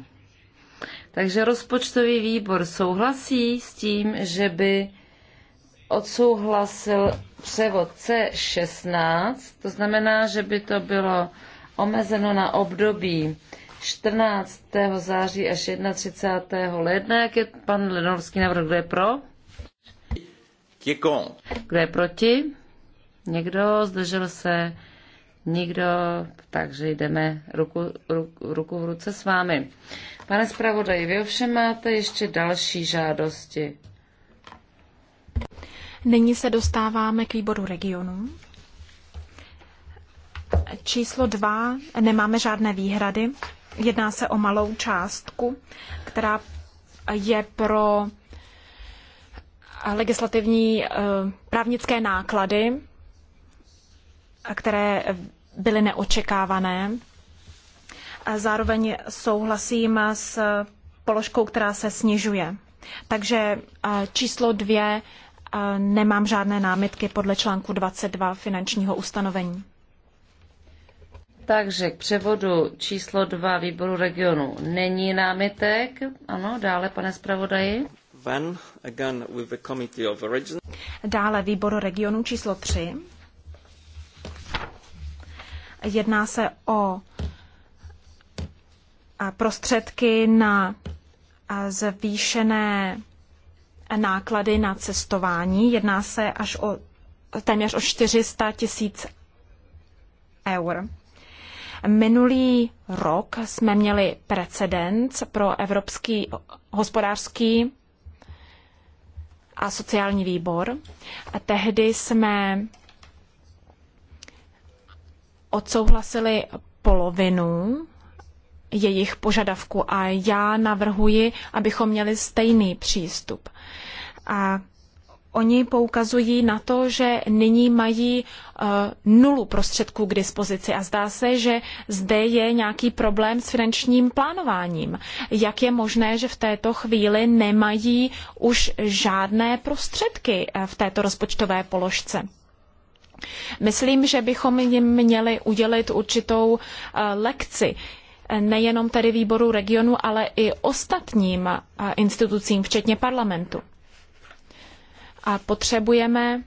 Takže rozpočtový výbor souhlasí s tím, že by odsouhlasil převod C16, to znamená, že by to bylo omezeno na období 14. září až 31. ledna. Jak je pan Lenovský navrh, kdo je pro? Kdo je proti? Někdo zdržel se? Nikdo, takže jdeme ruku, ruku, ruku v ruce s vámi. Pane zpravodaji, vy ovšem máte ještě další žádosti. Nyní se dostáváme k výboru regionu. Číslo dva, nemáme žádné výhrady. Jedná se o malou částku, která je pro legislativní eh, právnické náklady, které byly neočekávané. Zároveň souhlasím s položkou, která se snižuje. Takže eh, číslo dvě nemám žádné námitky podle článku 22 finančního ustanovení. Takže k převodu číslo 2 výboru regionu není námitek. Ano, dále, pane zpravodaji. Van, again with the committee of origin. Dále výbor regionu číslo 3. Jedná se o prostředky na zvýšené náklady na cestování. Jedná se až o téměř o 400 tisíc eur. Minulý rok jsme měli precedens pro Evropský hospodářský a sociální výbor. A tehdy jsme odsouhlasili polovinu jejich požadavku a já navrhuji, abychom měli stejný přístup. A oni poukazují na to, že nyní mají eh, nulu prostředků k dispozici a zdá se, že zde je nějaký problém s finančním plánováním. Jak je možné, že v této chvíli nemají už žádné prostředky eh, v této rozpočtové položce? Myslím, že bychom jim měli udělit určitou eh, lekci nejenom tedy výboru regionu, ale i ostatním institucím, včetně parlamentu a potřebujeme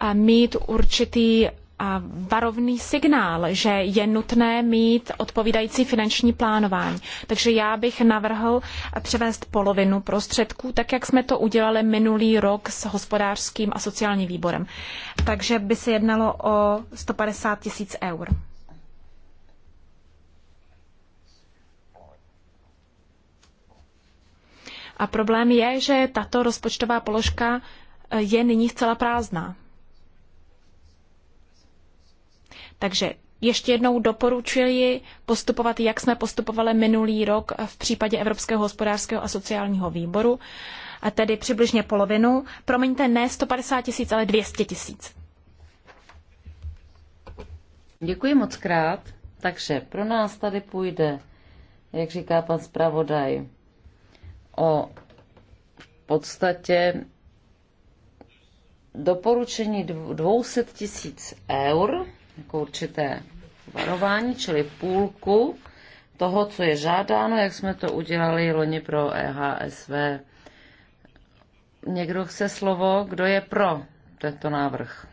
a mít určitý a varovný signál, že je nutné mít odpovídající finanční plánování. Takže já bych navrhl převést polovinu prostředků, tak jak jsme to udělali minulý rok s hospodářským a sociálním výborem. Takže by se jednalo o 150 tisíc eur. A problém je, že tato rozpočtová položka eh, je nyní zcela prázdná. Takže ještě jednou doporučuji postupovat, jak jsme postupovali minulý rok v případě Evropského hospodářského a sociálního výboru, a tedy přibližně polovinu. Promiňte, ne 150 tisíc, ale 200 tisíc. Děkuji moc krát. Takže pro nás tady půjde, jak říká pan zpravodaj, o v podstatě doporučení 200 tisíc eur, jako určité varování, čili půlku toho, co je žádáno, jak jsme to udělali loni pro EHSV. Někdo chce slovo? Kdo je pro tento návrh?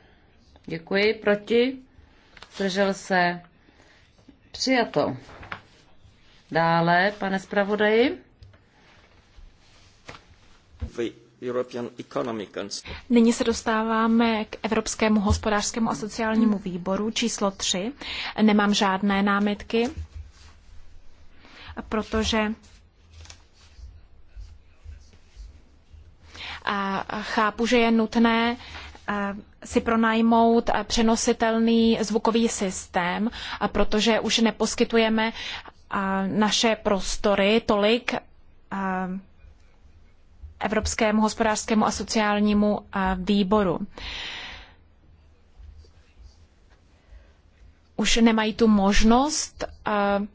Děkuji. Proti? Zdržel se? Přijato. Dále, pane zpravodaji the Nyní se dostáváme k Evropskému hospodářskému a sociálnímu výboru číslo 3. Nemám žádné námitky, protože chápu, že je nutné si pronajmout přenositelný zvukový systém, protože už neposkytujeme naše prostory tolik Evropskému hospodářskému a sociálnímu výboru. Už nemají tu možnost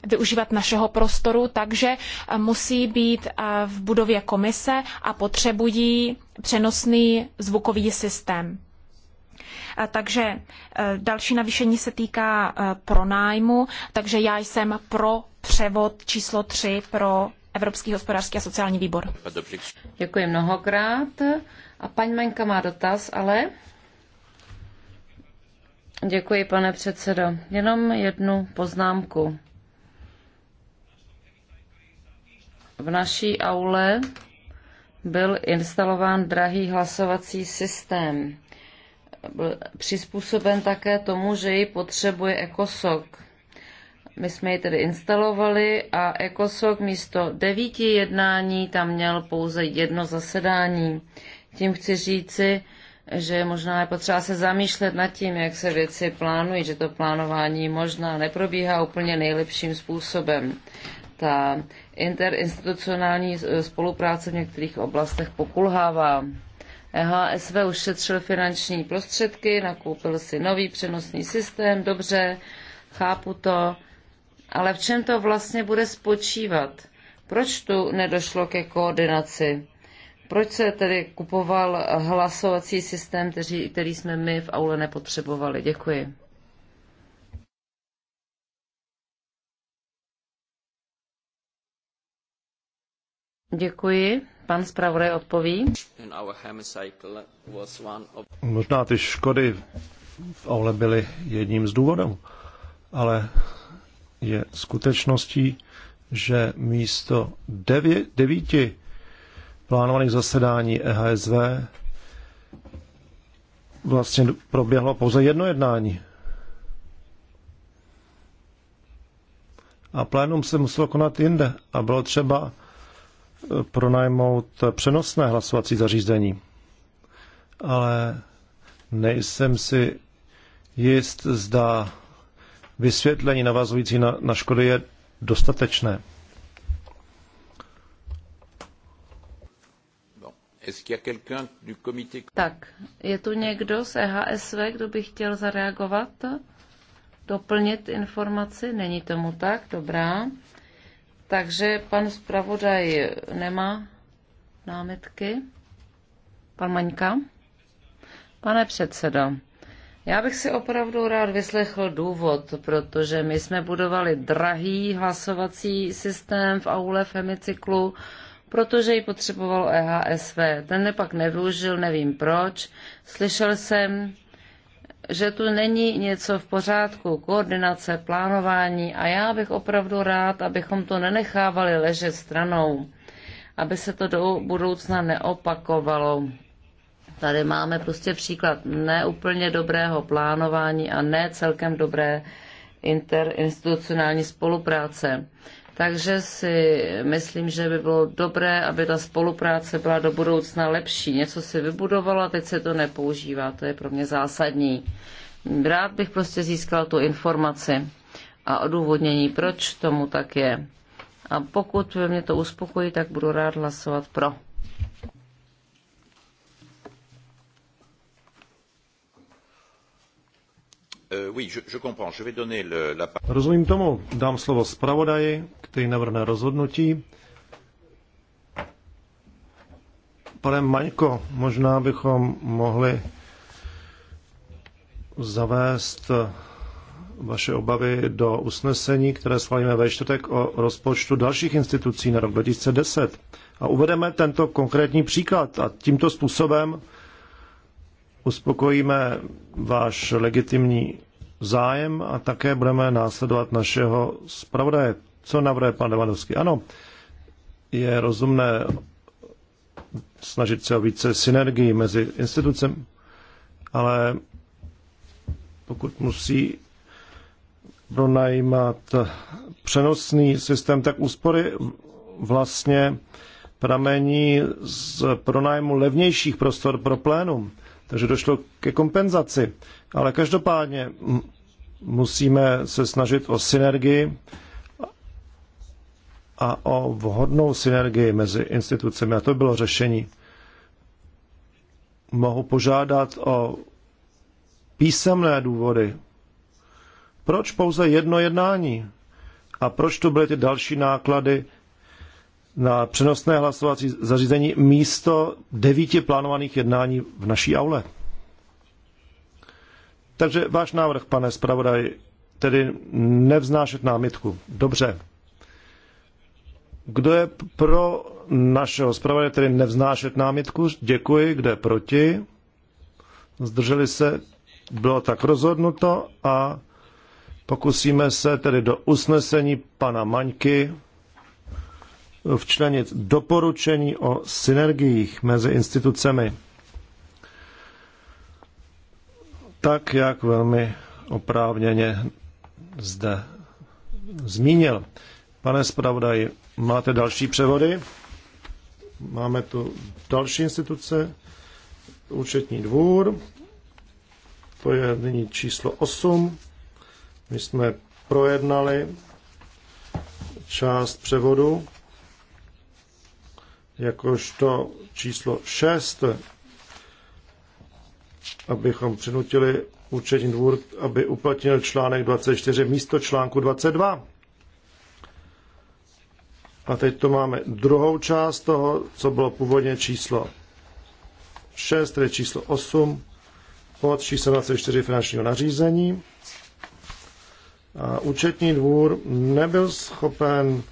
využívat našeho prostoru, takže musí být v budově komise a potřebují přenosný zvukový systém. Takže e, další navýšení se týká e, pronájmu, takže já jsem pro převod číslo 3 pro Evropský hospodářský a sociální výbor. Děkuji mnohokrát. A paní Maňka má dotaz, ale... Děkuji, pane předsedo. Jenom jednu poznámku. V naší aule byl instalován drahý hlasovací systém. Byl přizpůsoben také tomu, že ji potřebuje ekosok. My jsme ji tedy instalovali a ECOSOC místo devíti jednání tam měl pouze jedno zasedání. Tím chci říci, že možná je potřeba se zamýšlet nad tím, jak se věci plánují, že to plánování možná neprobíhá úplně nejlepším způsobem. Ta interinstitucionální eh, spolupráce v některých oblastech pokulhává. E HSV ušetřil finanční prostředky, nakoupil si nový přenosný systém, dobře, chápu to, ale v čem to vlastně bude spočívat? Proč tu nedošlo ke koordinaci? Proč se tedy kupoval hlasovací systém, který, který jsme my v aule nepotřebovali? Děkuji. Děkuji. Pan zpravodaj odpoví. Možná ty škody v aule byly jedním z důvodů, ale je skutečností, že místo devět, devíti plánovaných zasedání EHSV vlastně proběhlo pouze jedno jednání. A plénum se muselo konat jinde a bylo třeba eh, pronajmout přenosné hlasovací zařízení. Ale nejsem si jist, zda vysvětlení navazující na, na škody je dostatečné. Tak, je tu někdo z EHSV, kdo by chtěl zareagovat, doplnit informaci? Není tomu tak, dobrá. Takže pan zpravodaj nemá námitky. Pan Maňka? Pane předsedo, já bych si opravdu rád vyslechl důvod, protože my jsme budovali drahý hlasovací systém v aule hemicyklu, protože ji potřeboval EHSV. Ten nepak nevyužil, nevím proč. Slyšel jsem, že tu není něco v pořádku, koordinace, plánování a já bych opravdu rád, abychom to nenechávali ležet stranou, aby se to do budoucna neopakovalo. Tady máme prostě příklad neúplně dobrého plánování a ne celkem dobré interinstitucionální spolupráce. Takže si myslím, že by bylo dobré, aby ta spolupráce byla do budoucna lepší. Něco si vybudovala, teď se to nepoužívá. To je pro mě zásadní. Rád bych prostě získal tu informaci a odůvodnění, proč tomu tak je. A pokud mě to uspokojí, tak budu rád hlasovat pro. Euh, Rozumím tomu. Dám slovo zpravodaji, který navrhne rozhodnutí. Pane Maňko, možná bychom mohli zavést vaše obavy do usnesení, které schválíme ve čtvrtek o rozpočtu dalších institucí na rok 2010. A uvedeme tento konkrétní příklad a tímto způsobem uspokojíme váš legitimní zájem a také budeme následovat našeho zpravodaje. Co navrhuje pan Levandovský? Ano, je rozumné snažit se o více synergii mezi institucemi, ale pokud musí pronajímat přenosný systém, tak úspory vlastně pramení z pronájmu levnějších prostor pro plénum takže došlo ke kompenzaci. Ale každopádně musíme se snažit o synergii a o vhodnou synergii mezi institucemi. A to bylo řešení. Mohu požádat o písemné důvody. Proč pouze jedno jednání? A proč tu byly ty další náklady na přenosné hlasovací zařízení místo devíti plánovaných jednání v naší aule. Takže váš návrh, pane zpravodaj, tedy nevznášet námitku. Dobře. Kdo je pro našeho zpravodaje, tedy nevznášet námitku? Děkuji. Kdo je proti? Zdrželi se? Bylo tak rozhodnuto a pokusíme se tedy do usnesení pana Maňky včlenit doporučení o synergiích mezi institucemi. Tak, jak velmi oprávněně zde zmínil. Pane zpravodaj. máte další převody? Máme tu další instituce, účetní dvůr, to je nyní číslo 8. My jsme projednali část převodu jakožto číslo 6, abychom přinutili účetní dvůr, aby uplatnil článek 24 místo článku 22. A teď to máme druhou část toho, co bylo původně číslo 6, tedy číslo 8, pod číslo 24 finančního nařízení. A účetní dvůr nebyl schopen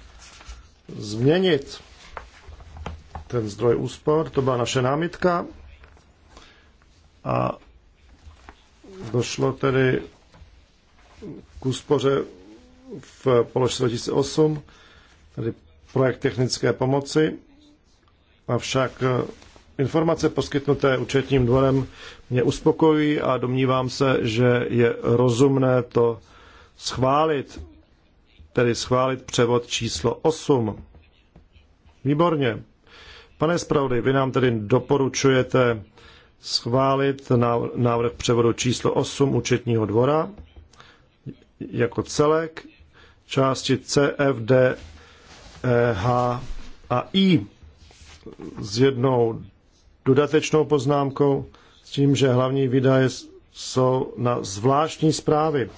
změnit ten zdroj úspor, to byla naše námitka a došlo tedy k úspoře v položce 2008, tedy projekt technické pomoci, avšak eh, informace poskytnuté účetním dvorem mě uspokojí a domnívám se, že je rozumné to schválit, tedy schválit převod číslo 8. Výborně. Pane Spravdy, vy nám tedy doporučujete schválit návrh převodu číslo 8 účetního dvora jako celek, části C, F, D, e, H a I s jednou dodatečnou poznámkou, s tím, že hlavní výdaje jsou na zvláštní zprávy.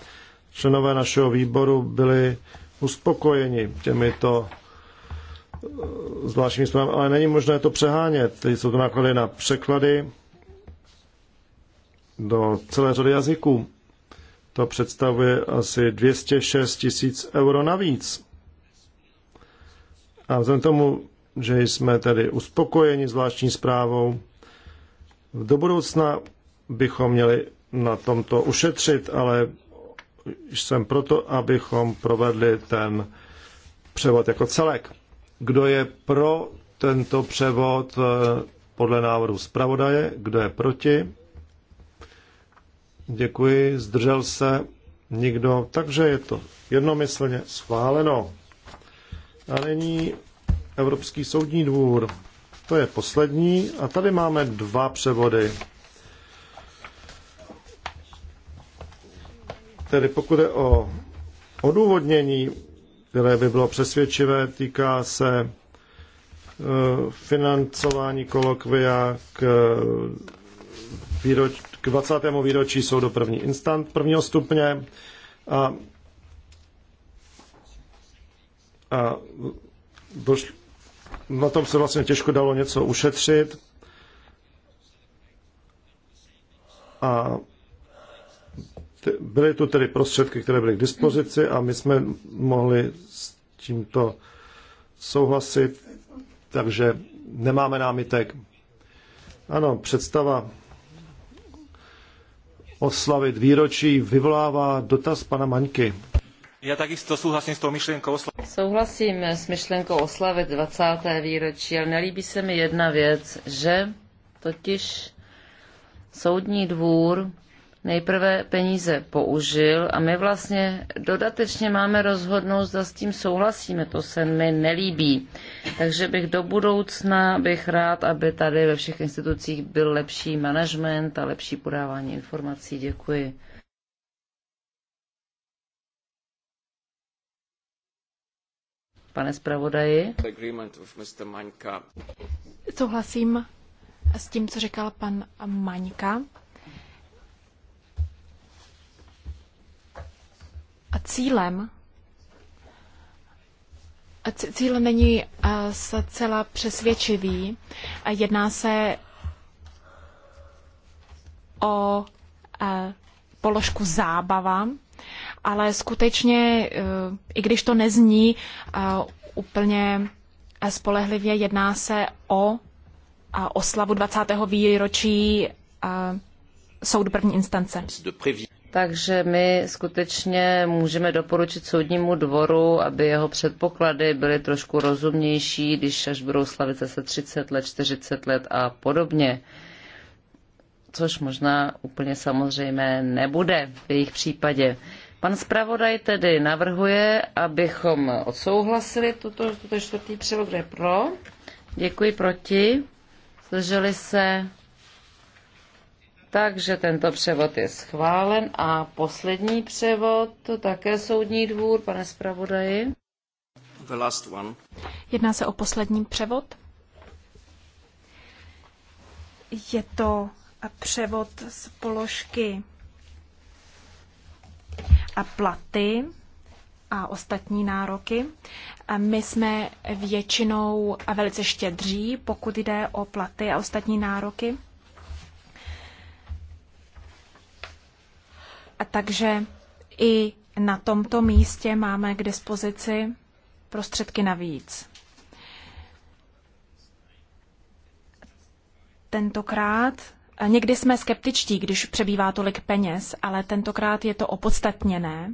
Členové našeho výboru byli uspokojeni těmito zvláštním způsobem, ale není možné to přehánět. Tady jsou to náklady na překlady do celé řady jazyků. To představuje asi 206 tisíc euro navíc. A vzhledem tomu, že jsme tedy uspokojeni zvláštní zprávou, do budoucna bychom měli na tomto ušetřit, ale jsem proto, abychom provedli ten převod jako celek. Kdo je pro tento převod eh, podle návrhu zpravodaje? Kdo je proti? Děkuji, zdržel se nikdo, takže je to jednomyslně schváleno. A nyní Evropský soudní dvůr. To je poslední a tady máme dva převody. Tedy pokud je o odůvodnění které by bylo přesvědčivé. Týká se e, financování kolokvia k, výroč, k 20. výročí soudu první instant prvního stupně a, a doš, na tom se vlastně těžko dalo něco ušetřit a Byly tu tedy prostředky, které byly k dispozici a my jsme mohli s tímto souhlasit, takže nemáme námitek. Ano, představa oslavit výročí vyvolává dotaz pana Maňky. Já taky to souhlasím s tou myšlenkou oslavit. Souhlasím s myšlenkou oslavit 20. výročí, ale nelíbí se mi jedna věc, že totiž soudní dvůr nejprve peníze použil a my vlastně dodatečně máme rozhodnout, zda s tím souhlasíme. To se mi nelíbí. Takže bych do budoucna bych rád, aby tady ve všech institucích byl lepší management a lepší podávání informací. Děkuji. Pane zpravodaji. Souhlasím s tím, co říkal pan Maňka. A cílem Cíl není zcela přesvědčivý. Jedná se o položku zábava, ale skutečně, e, i když to nezní e, úplně e, spolehlivě, jedná se o oslavu 20. výročí soudu první instance. Takže my skutečně můžeme doporučit soudnímu dvoru, aby jeho předpoklady byly trošku rozumnější, když až budou slavit zase 30 let, 40 let a podobně. Což možná úplně samozřejmé nebude v jejich případě. Pan zpravodaj tedy navrhuje, abychom odsouhlasili tuto, tuto čtvrtý převod, pro. Děkuji proti. Zdrželi se takže tento převod je schválen a poslední převod, to také soudní dvůr, pane zpravodaji. The last one. Jedná se o poslední převod. Je to převod z položky a platy a ostatní nároky. A my jsme většinou a velice štědří, pokud jde o platy a ostatní nároky. takže i na tomto místě máme k dispozici prostředky navíc. Tentokrát Někdy jsme skeptičtí, když přebývá tolik peněz, ale tentokrát je to opodstatněné,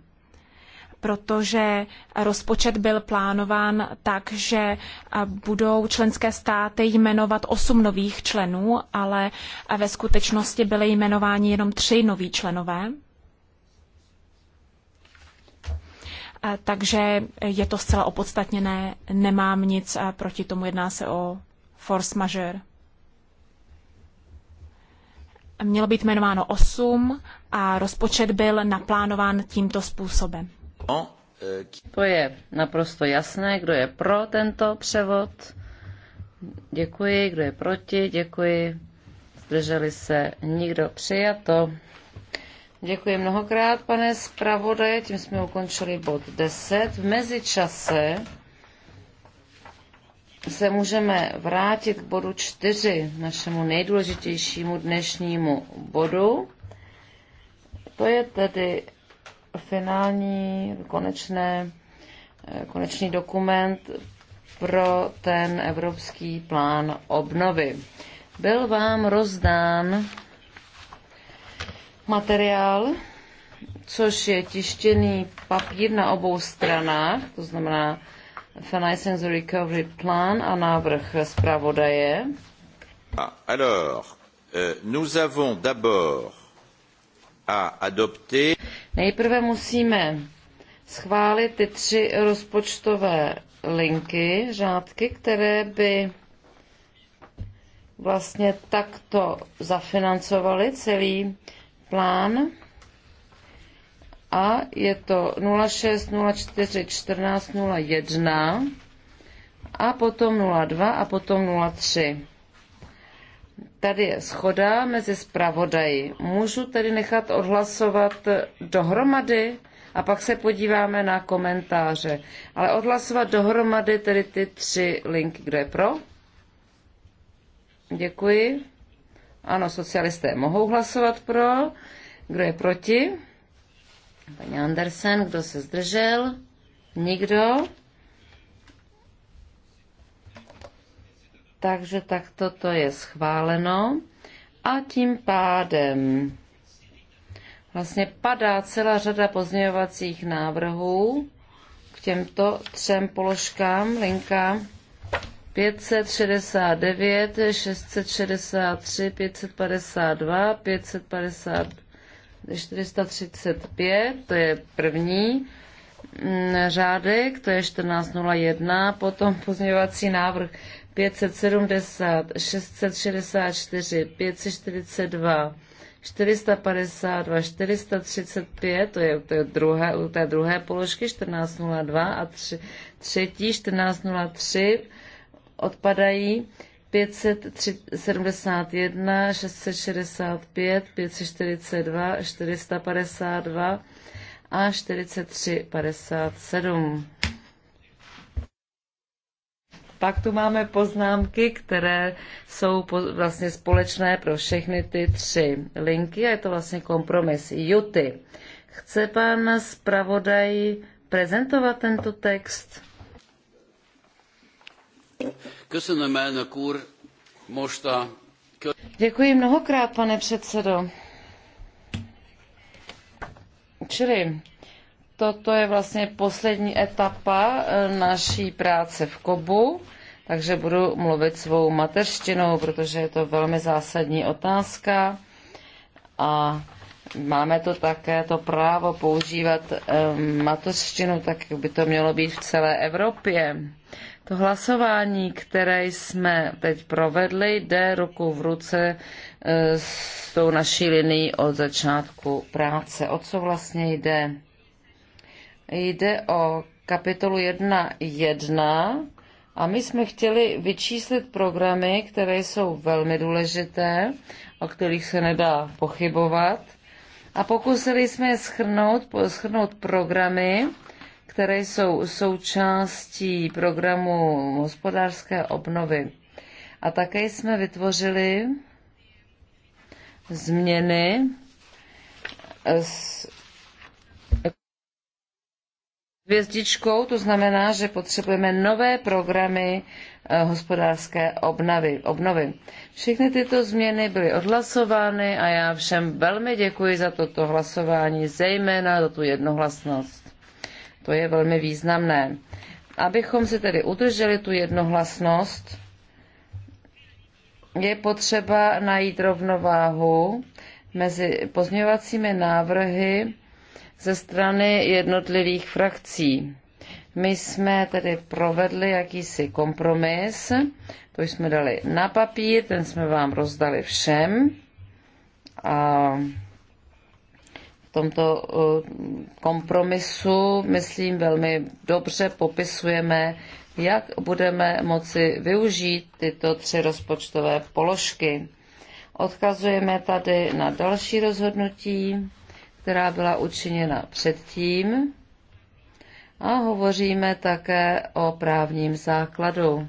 protože rozpočet byl plánován tak, že budou členské státy jmenovat osm nových členů, ale ve skutečnosti byly jmenováni jenom tři noví členové. takže je to zcela opodstatněné, nemám nic proti tomu, jedná se o force majeure. Mělo být jmenováno 8 a rozpočet byl naplánován tímto způsobem. To je naprosto jasné, kdo je pro tento převod. Děkuji, kdo je proti, děkuji. Zdrželi se nikdo přijato. Děkuji mnohokrát, pane zpravodaje. Tím jsme ukončili bod 10. V mezičase se můžeme vrátit k bodu 4, našemu nejdůležitějšímu dnešnímu bodu. To je tedy finální, konečné, eh, konečný dokument pro ten evropský plán obnovy. Byl vám rozdán materiál, což je tištěný papír na obou stranách, to znamená Financing Recovery Plan a návrh zpravodaje. Ah, alors, euh, nous avons d'abord à adopter... Nejprve musíme schválit ty tři rozpočtové linky, řádky, které by vlastně takto zafinancovaly celý plán a je to 06041401 a potom 02 a potom 03. Tady je schoda mezi zpravodaji. Můžu tedy nechat odhlasovat dohromady a pak se podíváme na komentáře. Ale odhlasovat dohromady tedy ty tři linky. Kdo je pro? Děkuji. Ano, socialisté mohou hlasovat pro. Kdo je proti? Paní Andersen, kdo se zdržel? Nikdo. Takže takto to je schváleno. A tím pádem vlastně padá celá řada pozměňovacích návrhů k těmto třem položkám, linkám. 569, 663, 552, 550, 435, to je první mm, řádek, to je 1401, potom pozměňovací návrh 570, 664, 542, 452, 435, to je, to je druhé, u té druhé položky 1402 a tři, třetí 1403, odpadají. 571, 665, 542, 452 a 4357. Pak tu máme poznámky, které jsou vlastně společné pro všechny ty tři linky a je to vlastně kompromis. Juty. Chce pan zpravodaj prezentovat tento text? Děkuji mnohokrát, pane předsedo. Čili toto je vlastně poslední etapa eh, naší práce v Kobu, takže budu mluvit svou mateřštinou, protože je to velmi zásadní otázka a máme to také to právo používat eh, mateřštinu tak, jak by to mělo být v celé Evropě. To hlasování, které jsme teď provedli, jde ruku v ruce e, s tou naší linií od začátku práce. O co vlastně jde? Jde o kapitolu 1.1 a my jsme chtěli vyčíslit programy, které jsou velmi důležité, o kterých se nedá pochybovat. A pokusili jsme je schrnout, schrnout programy, které jsou součástí programu hospodářské obnovy. A také jsme vytvořili změny eh, s hvězdičkou, to znamená, že potřebujeme nové programy eh, hospodářské obnovy. obnovy. Všechny tyto změny byly odhlasovány a já všem velmi děkuji za toto hlasování, zejména za tu jednohlasnost. To je velmi významné. Abychom si tedy udrželi tu jednohlasnost, je potřeba najít rovnováhu mezi pozměňovacími návrhy ze strany jednotlivých frakcí. My jsme tedy provedli jakýsi kompromis, to jsme dali na papír, ten jsme vám rozdali všem. A tomto eh, kompromisu, myslím, velmi dobře popisujeme, jak budeme moci využít tyto tři rozpočtové položky. Odkazujeme tady na další rozhodnutí, která byla učiněna předtím a hovoříme také o právním základu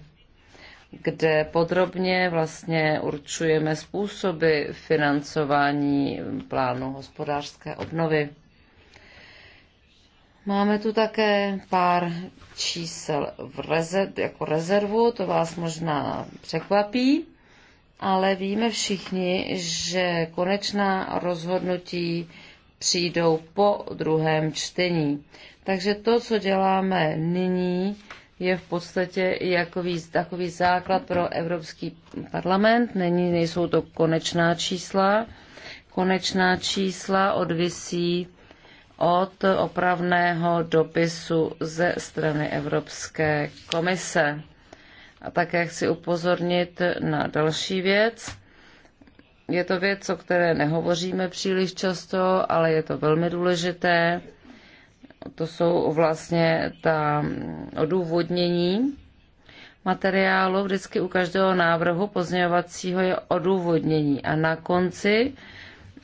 kde podrobně vlastně určujeme způsoby financování plánu hospodářské obnovy. Máme tu také pár čísel v rezerv, jako rezervu, to vás možná překvapí, ale víme všichni, že konečná rozhodnutí přijdou po druhém čtení. Takže to, co děláme nyní, je v podstatě jakový, takový základ pro Evropský parlament. Není, nejsou to konečná čísla. Konečná čísla odvisí od opravného dopisu ze strany Evropské komise. A také chci upozornit na další věc. Je to věc, o které nehovoříme příliš často, ale je to velmi důležité. To jsou vlastně ta odůvodnění materiálu. Vždycky u každého návrhu pozměňovacího je odůvodnění. A na konci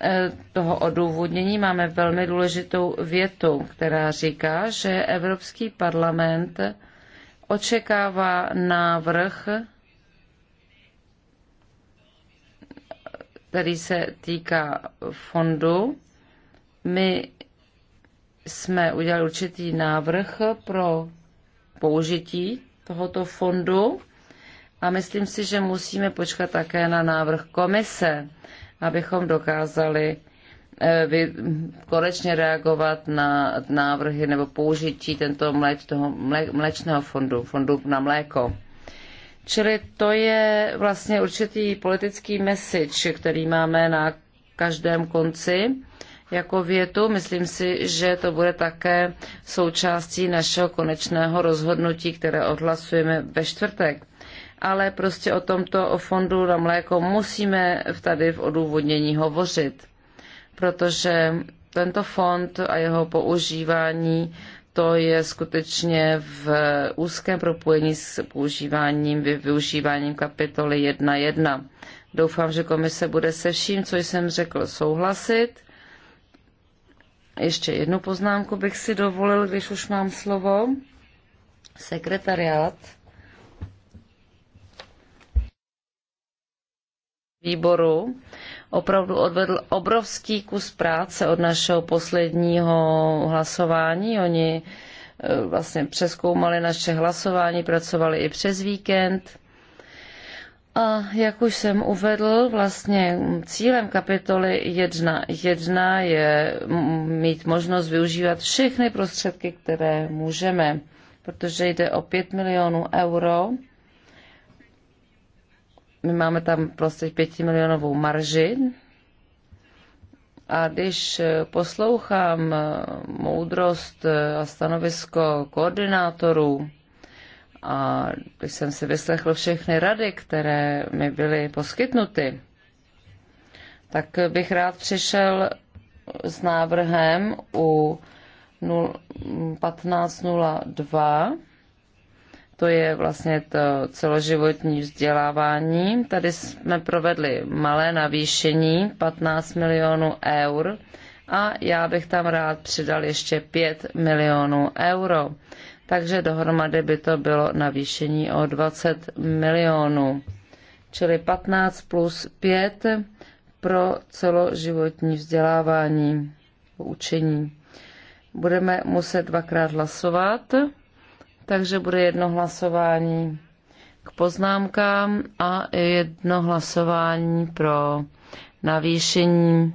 eh, toho odůvodnění máme velmi důležitou větu, která říká, že Evropský parlament očekává návrh, který se týká fondu. My jsme udělali určitý návrh pro použití tohoto fondu a myslím si, že musíme počkat také na návrh komise, abychom dokázali eh, konečně reagovat na návrhy nebo použití tento mléč, toho mléčného fondu, fondu na mléko. Čili to je vlastně určitý politický message, který máme na každém konci jako větu. Myslím si, že to bude také součástí našeho konečného rozhodnutí, které odhlasujeme ve čtvrtek. Ale prostě o tomto o fondu na mléko musíme tady v odůvodnění hovořit, protože tento fond a jeho používání to je skutečně v úzkém propojení s používáním, využíváním kapitoly 1.1. Doufám, že komise bude se vším, co jsem řekl, souhlasit ještě jednu poznámku bych si dovolil, když už mám slovo. Sekretariát výboru opravdu odvedl obrovský kus práce od našeho posledního hlasování. Oni eh, vlastně přeskoumali naše hlasování, pracovali i přes víkend a jak už jsem uvedl, vlastně cílem kapitoly 1.1 je mít možnost využívat všechny prostředky, které můžeme, protože jde o 5 milionů euro. My máme tam prostě 5 milionovou marži. A když poslouchám moudrost a stanovisko koordinátorů, a když jsem si vyslechl všechny rady, které mi byly poskytnuty, tak bych rád přišel s návrhem u 1502. To je vlastně to celoživotní vzdělávání. Tady jsme provedli malé navýšení 15 milionů eur a já bych tam rád přidal ještě 5 milionů euro takže dohromady by to bylo navýšení o 20 milionů, čili 15 plus 5 pro celoživotní vzdělávání, učení. Budeme muset dvakrát hlasovat, takže bude jedno hlasování k poznámkám a jedno hlasování pro navýšení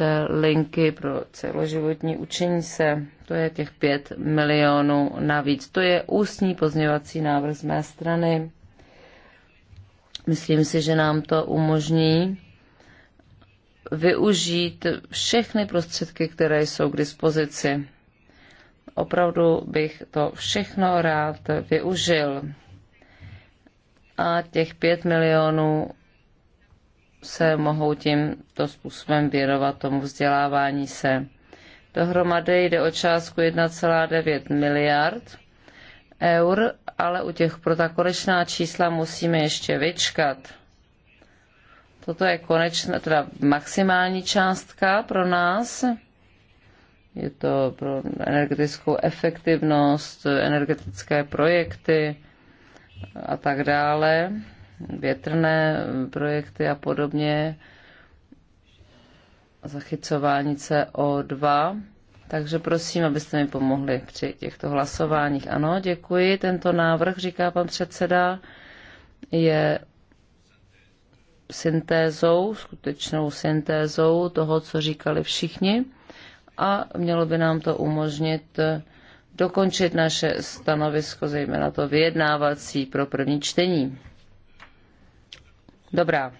té linky pro celoživotní učení se. To je těch 5 milionů navíc. To je ústní pozměvací návrh z mé strany. Myslím si, že nám to umožní využít všechny prostředky, které jsou k dispozici. Opravdu bych to všechno rád využil. A těch 5 milionů se mohou tímto způsobem věnovat tomu vzdělávání se. Dohromady jde o částku 1,9 miliard eur, ale u těch pro ta konečná čísla musíme ještě vyčkat. Toto je konečná, teda maximální částka pro nás. Je to pro energetickou efektivnost, energetické projekty a tak dále větrné projekty a podobně, zachycování CO2. Takže prosím, abyste mi pomohli při těchto hlasováních. Ano, děkuji. Tento návrh, říká pan předseda, je syntézou, skutečnou syntézou toho, co říkali všichni a mělo by nám to umožnit dokončit naše stanovisko, zejména to vyjednávací pro první čtení. Dobrá.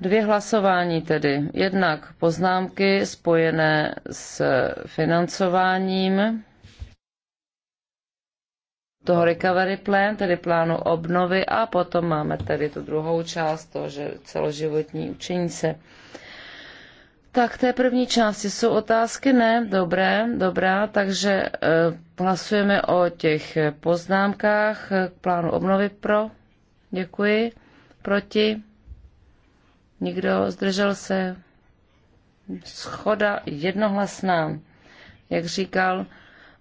Dvě hlasování tedy. Jednak poznámky spojené s financováním toho recovery plan, tedy plánu obnovy a potom máme tedy tu druhou část, to, že celoživotní učení se. Tak té první části jsou otázky, ne? Dobré, dobrá, takže eh, hlasujeme o těch poznámkách k plánu obnovy pro. Děkuji proti, nikdo zdržel se, schoda jednohlasná. Jak říkal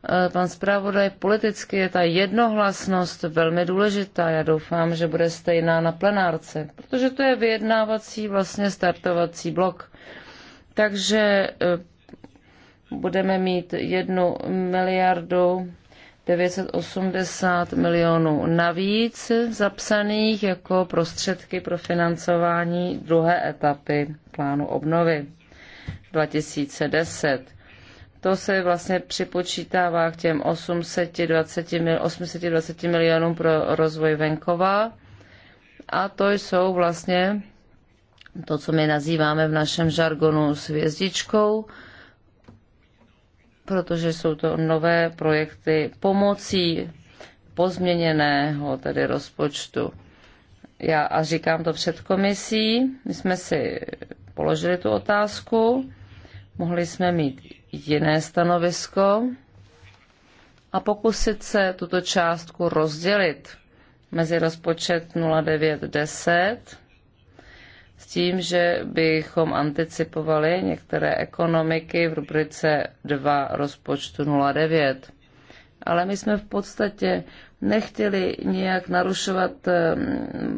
eh, pan zpravodaj, politicky je ta jednohlasnost velmi důležitá. Já doufám, že bude stejná na plenárce, protože to je vyjednávací, vlastně startovací blok. Takže eh, budeme mít jednu miliardu 980 milionů navíc zapsaných jako prostředky pro financování druhé etapy plánu obnovy 2010. To se vlastně připočítává k těm 820, 820 milionům pro rozvoj venkova a to jsou vlastně to, co my nazýváme v našem žargonu s hvězdičkou, protože jsou to nové projekty pomocí pozměněného tedy rozpočtu. Já a říkám to před komisí, my jsme si položili tu otázku, mohli jsme mít jiné stanovisko a pokusit se tuto částku rozdělit mezi rozpočet 0910 s tím, že bychom anticipovali některé ekonomiky v rubrice 2 rozpočtu 09. Ale my jsme v podstatě nechtěli nijak narušovat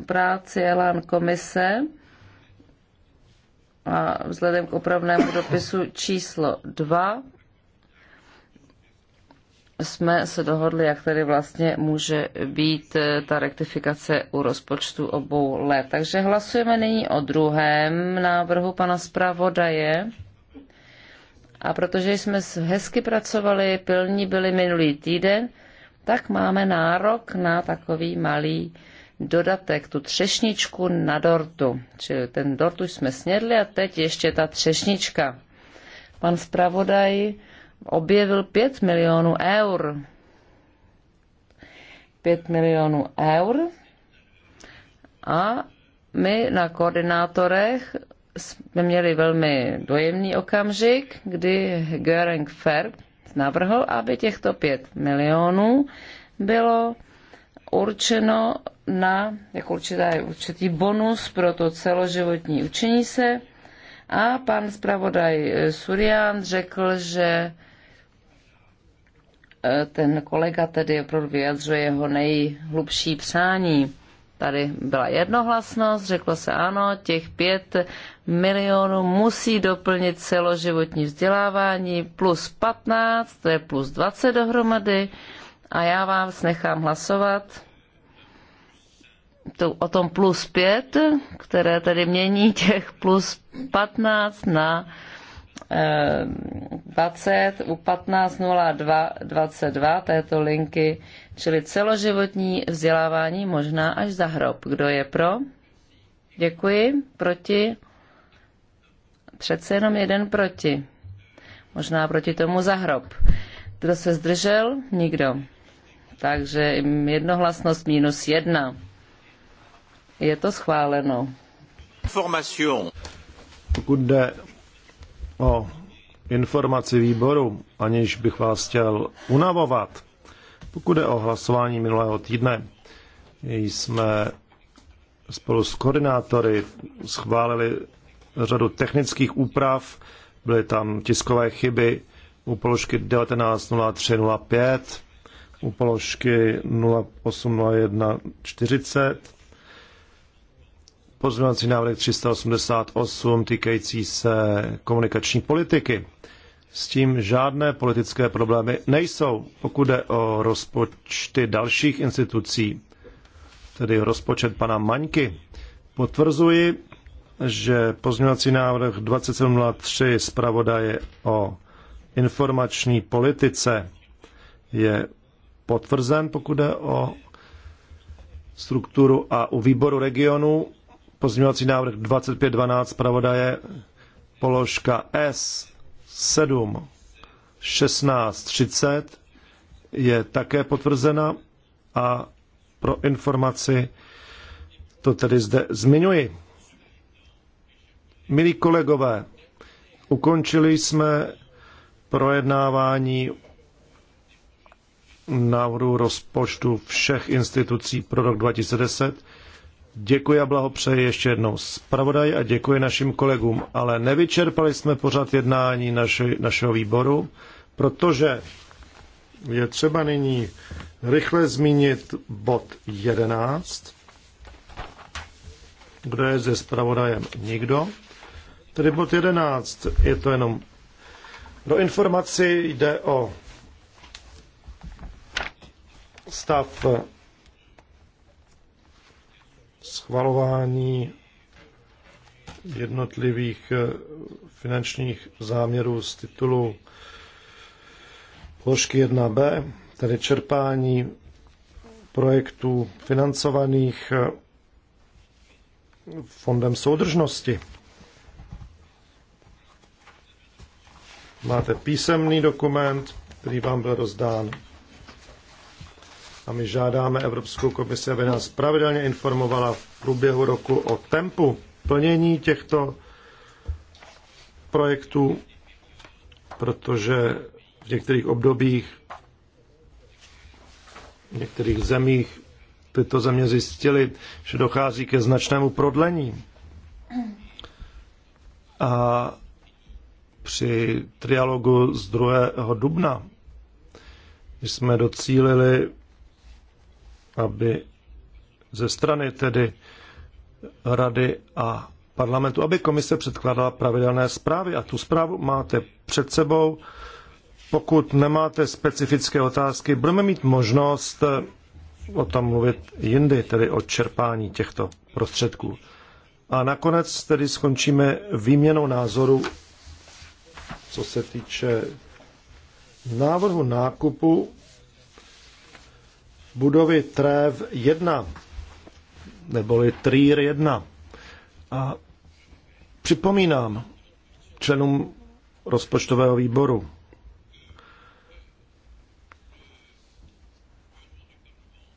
práci Elán komise a vzhledem k opravnému dopisu číslo 2 jsme se dohodli, jak tady vlastně může být eh, ta rektifikace u rozpočtu obou let. Takže hlasujeme nyní o druhém návrhu pana zpravodaje. A protože jsme hezky pracovali, pilní byli minulý týden, tak máme nárok na takový malý dodatek, tu třešničku na dortu. Čili ten dort už jsme snědli a teď ještě ta třešnička. Pan zpravodaj objevil 5 milionů eur. 5 milionů eur a my na koordinátorech jsme měli velmi dojemný okamžik, kdy Göring Ferb navrhl, aby těchto 5 milionů bylo určeno na jako určitá, určitý bonus pro to celoživotní učení se. A pan zpravodaj Surian řekl, že Eh, ten kolega tedy opravdu vyjadřuje jeho nejhlubší přání. Tady byla jednohlasnost, řeklo se ano, těch pět milionů musí doplnit celoživotní vzdělávání plus 15, to je plus 20 dohromady a já vám nechám hlasovat to, o tom plus 5, které tedy mění těch plus 15 na 20 u 15.02.22 této linky, čili celoživotní vzdělávání možná až za hrob. Kdo je pro? Děkuji. Proti? Přece jenom jeden proti. Možná proti tomu za hrob. Kdo se zdržel? Nikdo. Takže jednohlasnost minus jedna. Je to schváleno. Information. Pokud jde o informaci výboru, aniž bych vás chtěl unavovat. Pokud je o hlasování minulého týdne, jsme spolu s koordinátory schválili řadu technických úprav, byly tam tiskové chyby u položky 190305, u položky 080140, pozměňovací návrh 388 týkající se komunikační politiky. S tím žádné politické problémy nejsou, pokud jde o rozpočty dalších institucí, tedy rozpočet pana Maňky. Potvrzuji, že pozměňovací návrh 2703 zpravodaje o informační politice je potvrzen, pokud jde o strukturu a u výboru regionu Pozměňovací návrh 2512 pravodaje položka S 7 1630 je také potvrzena a pro informaci to tedy zde zmiňuji. Milí kolegové, ukončili jsme projednávání návrhu rozpočtu všech institucí pro rok 2010. Děkuji a blahopřeji ještě jednou zpravodaj a děkuji našim kolegům, ale nevyčerpali jsme pořád jednání naši, našeho výboru, protože je třeba nyní rychle zmínit bod 11, kdo je ze zpravodajem nikdo. Tedy bod 11, je to jenom do informaci, jde o stav schvalování jednotlivých eh, finančních záměrů z titulu položky 1b, tedy čerpání projektů financovaných eh, Fondem soudržnosti. Máte písemný dokument, který vám byl rozdán a my žádáme Evropskou komisi, aby nás pravidelně informovala v průběhu roku o tempu plnění těchto projektů, protože v některých obdobích, v některých zemích tyto země zjistily, že dochází ke značnému prodlení. A při trialogu z 2. dubna jsme docílili aby ze strany tedy rady a parlamentu, aby komise předkládala pravidelné zprávy. A tu zprávu máte před sebou. Pokud nemáte specifické otázky, budeme mít možnost o tom mluvit jindy, tedy o čerpání těchto prostředků. A nakonec tedy skončíme výměnou názoru, co se týče návrhu nákupu budovy Trév 1, neboli TRIR 1. A připomínám členům rozpočtového výboru,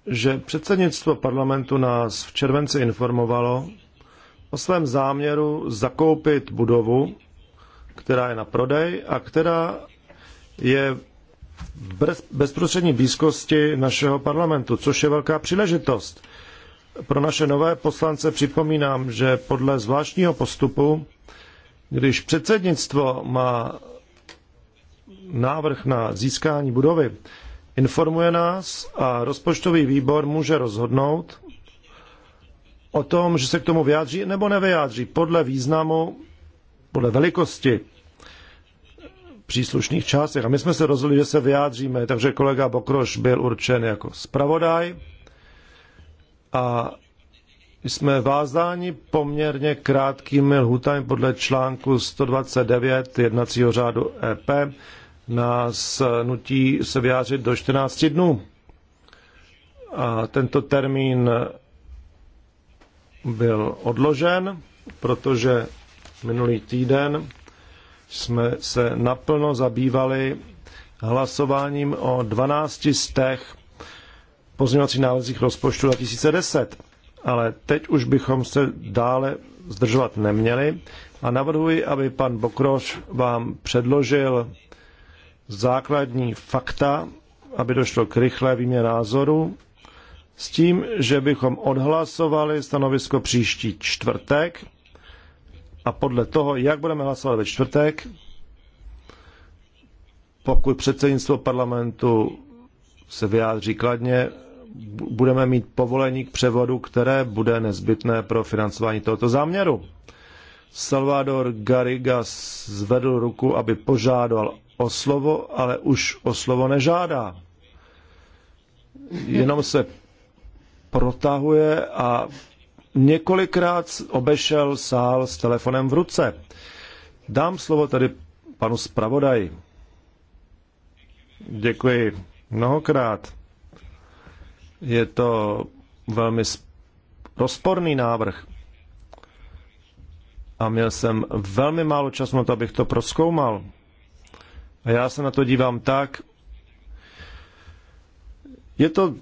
že předsednictvo parlamentu nás v červenci informovalo o svém záměru zakoupit budovu, která je na prodej a která je bezprostřední blízkosti našeho parlamentu, což je velká příležitost. Pro naše nové poslance připomínám, že podle zvláštního postupu, když předsednictvo má návrh na získání budovy, informuje nás a rozpočtový výbor může rozhodnout o tom, že se k tomu vyjádří nebo nevyjádří podle významu, podle velikosti příslušných částech. A my jsme se rozhodli, že se vyjádříme, takže kolega Bokroš byl určen jako zpravodaj a jsme vázáni poměrně krátkými lhutami podle článku 129 jednacího řádu EP. Nás nutí se vyjádřit do 14 dnů. A tento termín byl odložen, protože minulý týden jsme se naplno zabývali hlasováním o 12 stech pozměňovacích návrzích rozpočtu 2010. Ale teď už bychom se dále zdržovat neměli a navrhuji, aby pan Bokroš vám předložil základní fakta, aby došlo k rychlé výměně názoru, s tím, že bychom odhlasovali stanovisko příští čtvrtek a podle toho, jak budeme hlasovat ve čtvrtek, pokud předsednictvo parlamentu se vyjádří kladně, budeme mít povolení k převodu, které bude nezbytné pro financování tohoto záměru. Salvador Garriga zvedl ruku, aby požádal o slovo, ale už o slovo nežádá. Jenom se protahuje a několikrát obešel sál s telefonem v ruce. Dám slovo tedy panu zpravodaji. Děkuji mnohokrát. Je to velmi rozporný návrh. A měl jsem velmi málo času na to, abych to proskoumal. A já se na to dívám tak, je to,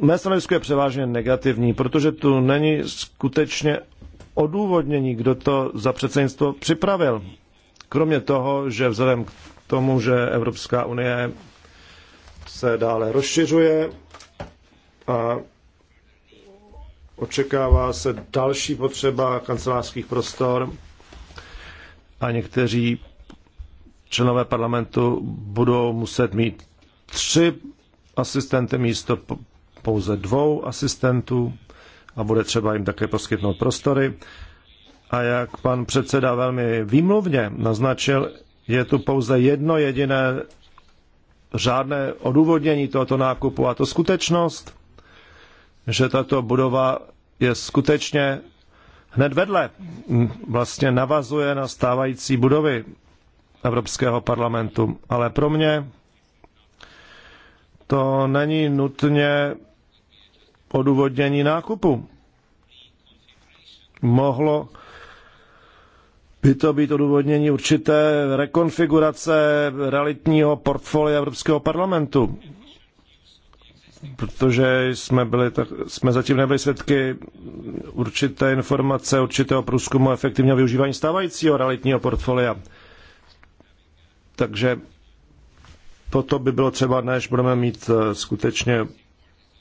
mé stanovisko je převážně negativní, protože tu není skutečně odůvodnění, kdo to za předsednictvo připravil. Kromě toho, že vzhledem k tomu, že Evropská unie se dále rozšiřuje a očekává se další potřeba kancelářských prostor a někteří členové parlamentu budou muset mít tři asistenty místo pouze dvou asistentů a bude třeba jim také poskytnout prostory. A jak pan předseda velmi výmluvně naznačil, je tu pouze jedno jediné řádné odůvodnění tohoto nákupu a to skutečnost, že tato budova je skutečně hned vedle, vlastně navazuje na stávající budovy Evropského parlamentu. Ale pro mě to není nutně odůvodnění nákupu. Mohlo by to být odůvodnění určité rekonfigurace realitního portfolia Evropského parlamentu. Protože jsme, byli, tak, jsme zatím nebyli svědky určité informace, určitého průzkumu efektivního využívání stávajícího realitního portfolia. Takže toto by bylo třeba, než budeme mít e, skutečně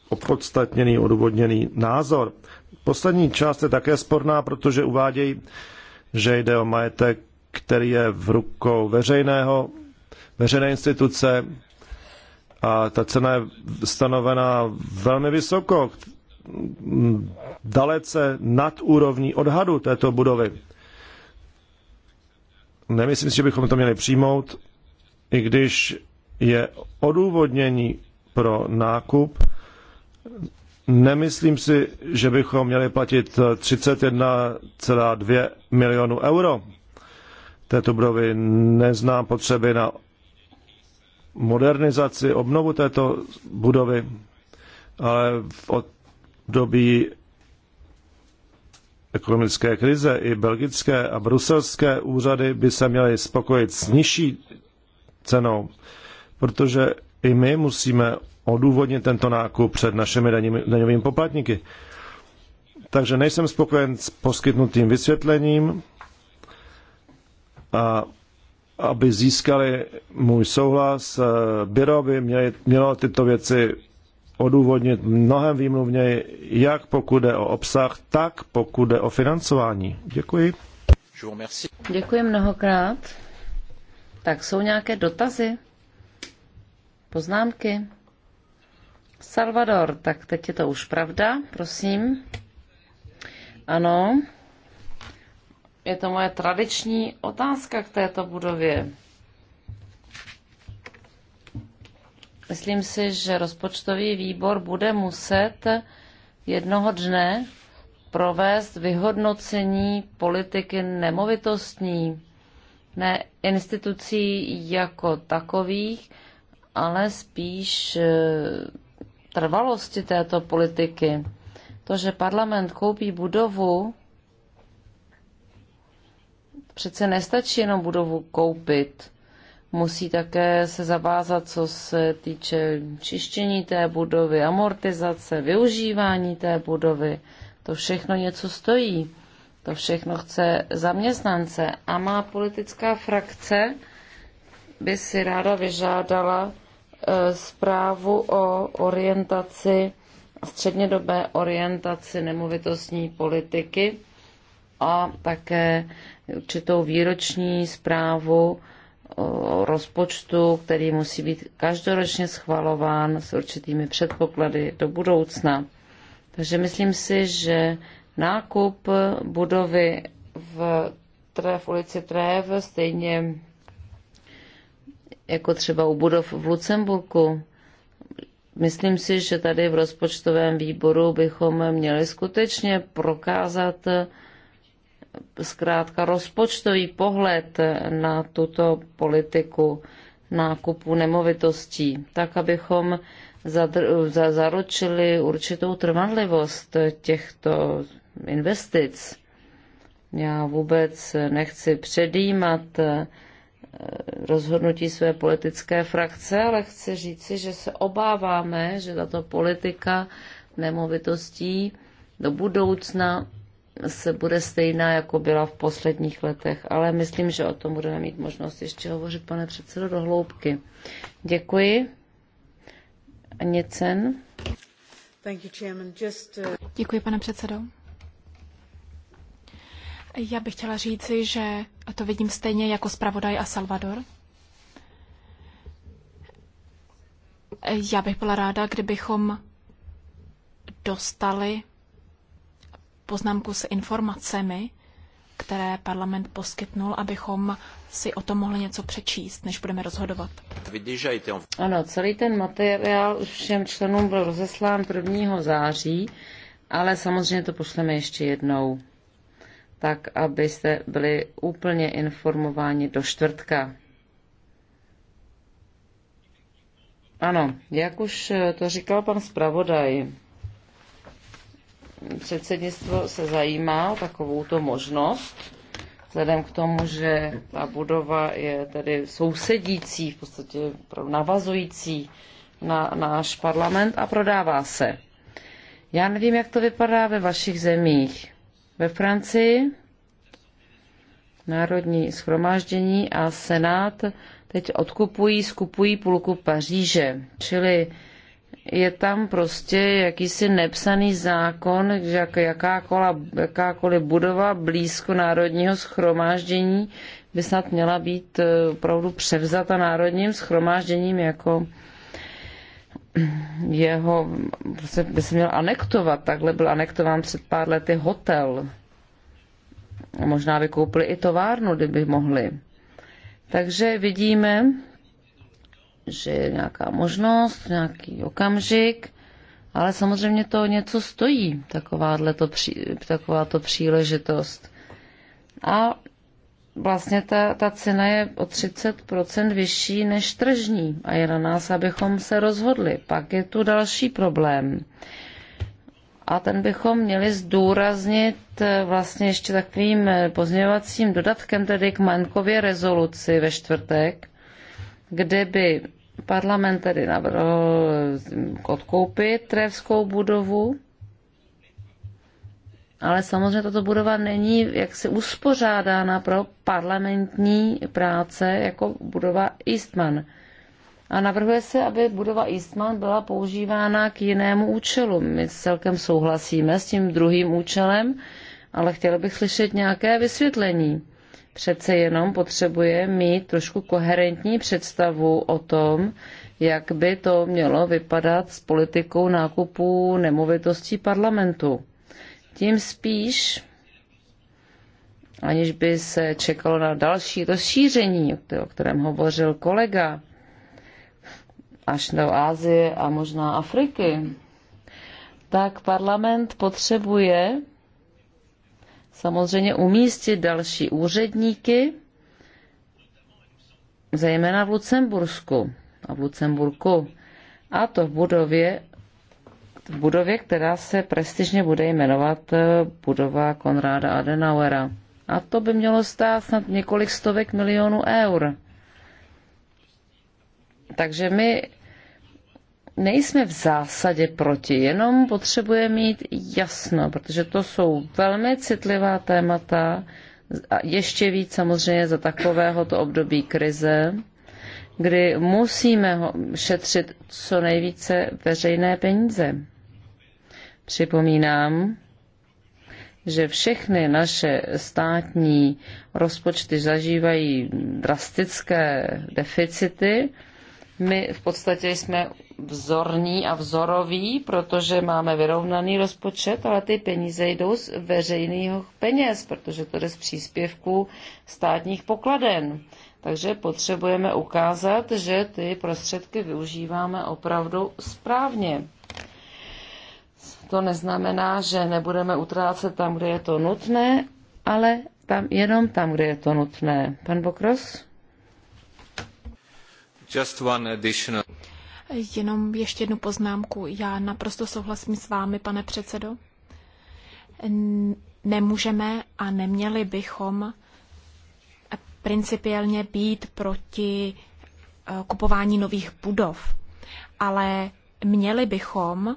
opodstatněný, odůvodněný názor. Poslední část je také sporná, protože uvádějí, že jde o majetek, který je v rukou veřejného, veřejné instituce a ta cena je stanovená velmi vysoko, dalece nad úrovní odhadu této budovy. Nemyslím si, že bychom to měli přijmout, i když je odůvodnění pro nákup. Nemyslím si, že bychom měli platit 31,2 milionu euro této budovy. Neznám potřeby na modernizaci, obnovu této budovy, ale v období ekonomické krize i belgické a bruselské úřady by se měly spokojit s nižší cenou protože i my musíme odůvodnit tento nákup před našimi daňovými poplatníky. Takže nejsem spokojen s poskytnutým vysvětlením a aby získali můj souhlas, eh, byro by mělo tyto věci odůvodnit mnohem výmluvněji, jak pokud jde o obsah, tak pokud jde o financování. Děkuji. Děkuji mnohokrát. Tak jsou nějaké dotazy? poznámky? Salvador, tak teď je to už pravda, prosím. Ano. Je to moje tradiční otázka k této budově. Myslím si, že rozpočtový výbor bude muset jednoho dne provést vyhodnocení politiky nemovitostní, ne institucí jako takových, ale spíš e, trvalosti této politiky. To, že parlament koupí budovu, přece nestačí jenom budovu koupit. Musí také se zavázat, co se týče čištění té budovy, amortizace, využívání té budovy. To všechno něco stojí. To všechno chce zaměstnance. A má politická frakce by si ráda vyžádala Eh, zprávu o orientaci, střednědobé orientaci nemovitostní politiky a také určitou výroční zprávu o rozpočtu, který musí být každoročně schvalován s určitými předpoklady do budoucna. Takže myslím si, že nákup budovy v, v ulici Tréve, stejně jako třeba u budov v Lucemburku. Myslím si, že tady v rozpočtovém výboru bychom měli skutečně prokázat zkrátka rozpočtový pohled na tuto politiku nákupu nemovitostí, tak abychom zadr- za- zaručili určitou trvanlivost těchto investic. Já vůbec nechci předjímat rozhodnutí své politické frakce, ale chci říci, že se obáváme, že tato politika nemovitostí do budoucna se bude stejná, jako byla v posledních letech, ale myslím, že o tom budeme mít možnost ještě hovořit, pane předsedo, do hloubky. Děkuji. Uh, Děkuji, pane předsedo. Já bych chtěla říci, že to vidím stejně jako zpravodaj a Salvador. Já bych byla ráda, kdybychom dostali poznámku s informacemi, které parlament poskytnul, abychom si o tom mohli něco přečíst, než budeme rozhodovat. Ano, celý ten materiál už všem členům byl rozeslán 1. září, ale samozřejmě to pošleme ještě jednou tak abyste byli úplně informováni do čtvrtka. Ano, jak už to říkal pan zpravodaj, předsednictvo se zajímá o takovouto možnost, vzhledem k tomu, že ta budova je tedy sousedící, v podstatě navazující na náš parlament a prodává se. Já nevím, jak to vypadá ve vašich zemích. Ve Francii Národní schromáždění a Senát teď odkupují, skupují půlku Paříže. Čili je tam prostě jakýsi nepsaný zákon, že jakákoliv budova blízko Národního schromáždění by snad měla být eh, opravdu převzata Národním schromážděním jako jeho prostě by se měl anektovat, takhle byl anektován před pár lety hotel. Možná by koupili i továrnu, kdyby mohli. Takže vidíme, že je nějaká možnost, nějaký okamžik, ale samozřejmě to něco stojí, takováto pří, taková příležitost. A vlastně ta, ta cena je o 30% vyšší než tržní a je na nás, abychom se rozhodli. Pak je tu další problém. A ten bychom měli zdůraznit eh, vlastně ještě takovým eh, pozměňovacím dodatkem, tedy k Mankově rezoluci ve čtvrtek, kde by parlament tedy navrhl eh, odkoupit Trevskou budovu, ale samozřejmě tato budova není jaksi uspořádána pro parlamentní práce jako budova Eastman. A navrhuje se, aby budova Eastman byla používána k jinému účelu. My celkem souhlasíme s tím druhým účelem, ale chtěla bych slyšet nějaké vysvětlení. Přece jenom potřebuje mít trošku koherentní představu o tom, jak by to mělo vypadat s politikou nákupů nemovitostí parlamentu. Tím spíš, aniž by se čekalo na další rozšíření, o kterém hovořil kolega, až do Ázie a možná Afriky, tak parlament potřebuje samozřejmě umístit další úředníky, zejména v Lucembursku a v Lucemburku, a to v budově, v budově, která se prestižně bude jmenovat eh, budova Konráda Adenauera. A to by mělo stát snad několik stovek milionů eur. Takže my nejsme v zásadě proti, jenom potřebujeme mít jasno, protože to jsou velmi citlivá témata, a ještě víc samozřejmě za takovéhoto období krize kdy musíme šetřit co nejvíce veřejné peníze. Připomínám, že všechny naše státní rozpočty zažívají drastické deficity. My v podstatě jsme vzorní a vzoroví, protože máme vyrovnaný rozpočet, ale ty peníze jdou z veřejných peněz, protože to jde z příspěvků státních pokladen. Takže potřebujeme ukázat, že ty prostředky využíváme opravdu správně. To neznamená, že nebudeme utrácet tam, kde je to nutné, ale tam, jenom tam, kde je to nutné. Pan Bokros? Just one additional. Jenom ještě jednu poznámku. Já naprosto souhlasím s vámi, pane předsedo. Nemůžeme a neměli bychom principiálně být proti eh, kupování nových budov, ale měli bychom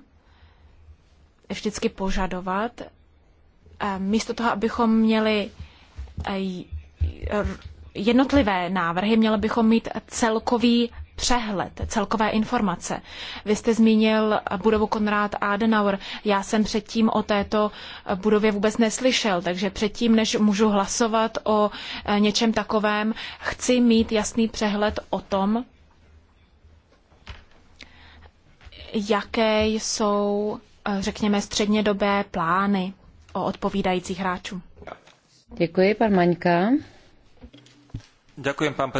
vždycky požadovat, eh, místo toho, abychom měli eh, jednotlivé návrhy, měli bychom mít celkový přehled, celkové informace. Vy jste zmínil budovu Konrad Adenauer. Já jsem předtím o této budově vůbec neslyšel, takže předtím, než můžu hlasovat o eh, něčem takovém, chci mít jasný přehled o tom, jaké jsou, eh, řekněme, střednědobé plány o odpovídajících hráčů. Děkuji, pan Maňka. Děkuji, pan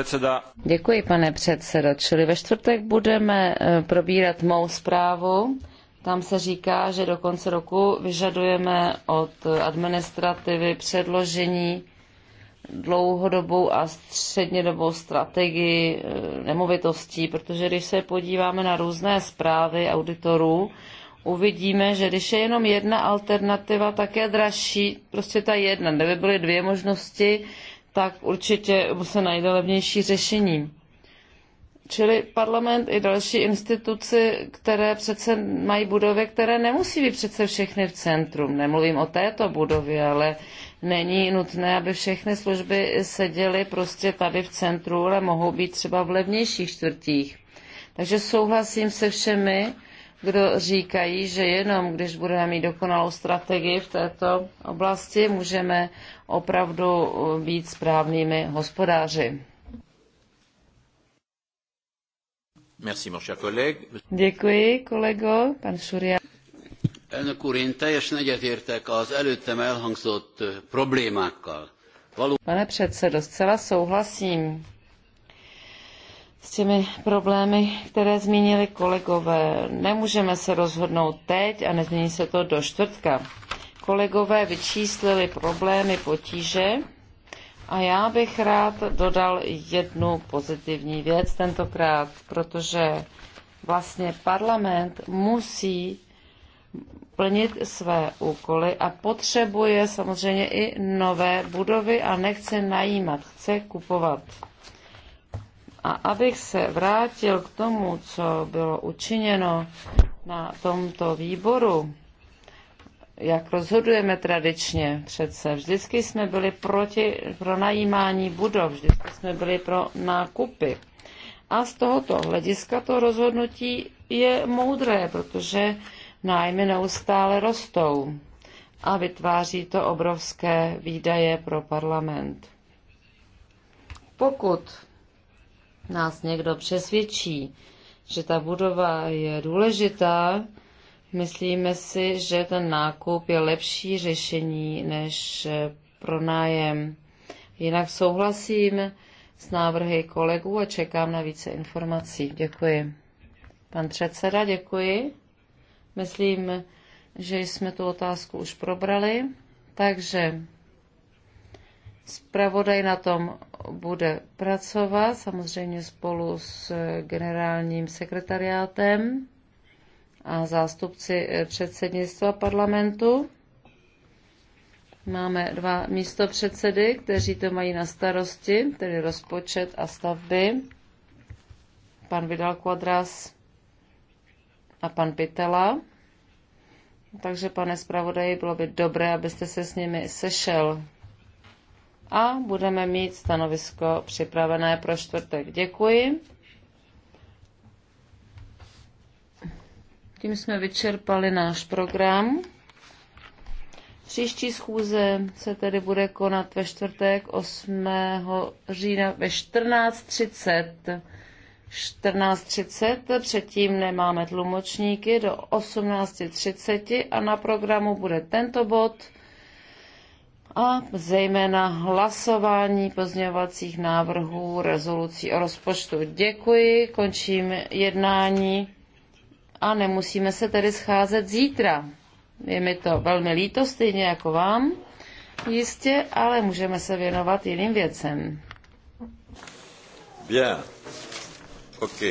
Děkuji, pane předsedo. Čili ve čtvrtek budeme eh, probírat mou zprávu. Tam se říká, že do konce roku vyžadujeme od administrativy předložení dlouhodobou a střednědobou strategii eh, nemovitostí, protože když se podíváme na různé zprávy auditorů, uvidíme, že když je jenom jedna alternativa, tak je dražší, prostě ta jedna, kdyby byly dvě možnosti, tak určitě se najde levnější řešení. Čili parlament i další instituci, které přece mají budovy, které nemusí být přece všechny v centrum. Nemluvím o této budově, ale není nutné, aby všechny služby seděly prostě tady v centru, ale mohou být třeba v levnějších čtvrtích. Takže souhlasím se všemi, kdo říkají, že jenom když budeme mít dokonalou strategii v této oblasti, můžeme opravdu eh, být správnými hospodáři. Merci, mon cher collègue. Děkuji, kolego, pan Šuria. Elnök úr, én teljesen egyetértek az előttem elhangzott eh, problémákkal. Való... Pane předsedo, zcela souhlasím s těmi problémy, které zmínili kolegové. Nemůžeme se rozhodnout teď a nezmění se to do čtvrtka. Kolegové vyčíslili problémy, potíže a já bych rád dodal jednu pozitivní věc tentokrát, protože vlastně parlament musí plnit své úkoly a potřebuje samozřejmě i nové budovy a nechce najímat, chce kupovat. A abych se vrátil k tomu, co bylo učiněno na tomto výboru, jak rozhodujeme tradičně přece. Vždycky jsme byli proti pronajímání budov, vždycky jsme byli pro nákupy. A z tohoto hlediska to rozhodnutí je moudré, protože nájmy neustále rostou a vytváří to obrovské výdaje pro parlament. Pokud nás někdo přesvědčí, že ta budova je důležitá, myslíme si, že ten nákup je lepší řešení než eh, pronájem. Jinak souhlasím s návrhy kolegů a čekám na více informací. Děkuji. Pan předseda, děkuji. Myslím, že jsme tu otázku už probrali, takže Spravodaj na tom bude pracovat, samozřejmě spolu s generálním sekretariátem a zástupci eh, předsednictva parlamentu. Máme dva místopředsedy, kteří to mají na starosti, tedy rozpočet a stavby. Pan Vidal Quadras a pan Pitela. Takže, pane zpravodaji, bylo by dobré, abyste se s nimi sešel a budeme mít stanovisko připravené pro čtvrtek. Děkuji. Tím jsme vyčerpali náš program. Příští schůze se tedy bude konat ve čtvrtek 8. října ve 14.30. 14.30, předtím nemáme tlumočníky do 18.30 a na programu bude tento bod – a zejména hlasování pozměňovacích návrhů rezolucí o rozpočtu. Děkuji, končím jednání a nemusíme se tedy scházet zítra. Je mi to velmi líto, stejně jako vám, jistě, ale můžeme se věnovat jiným věcem. Bien. OK.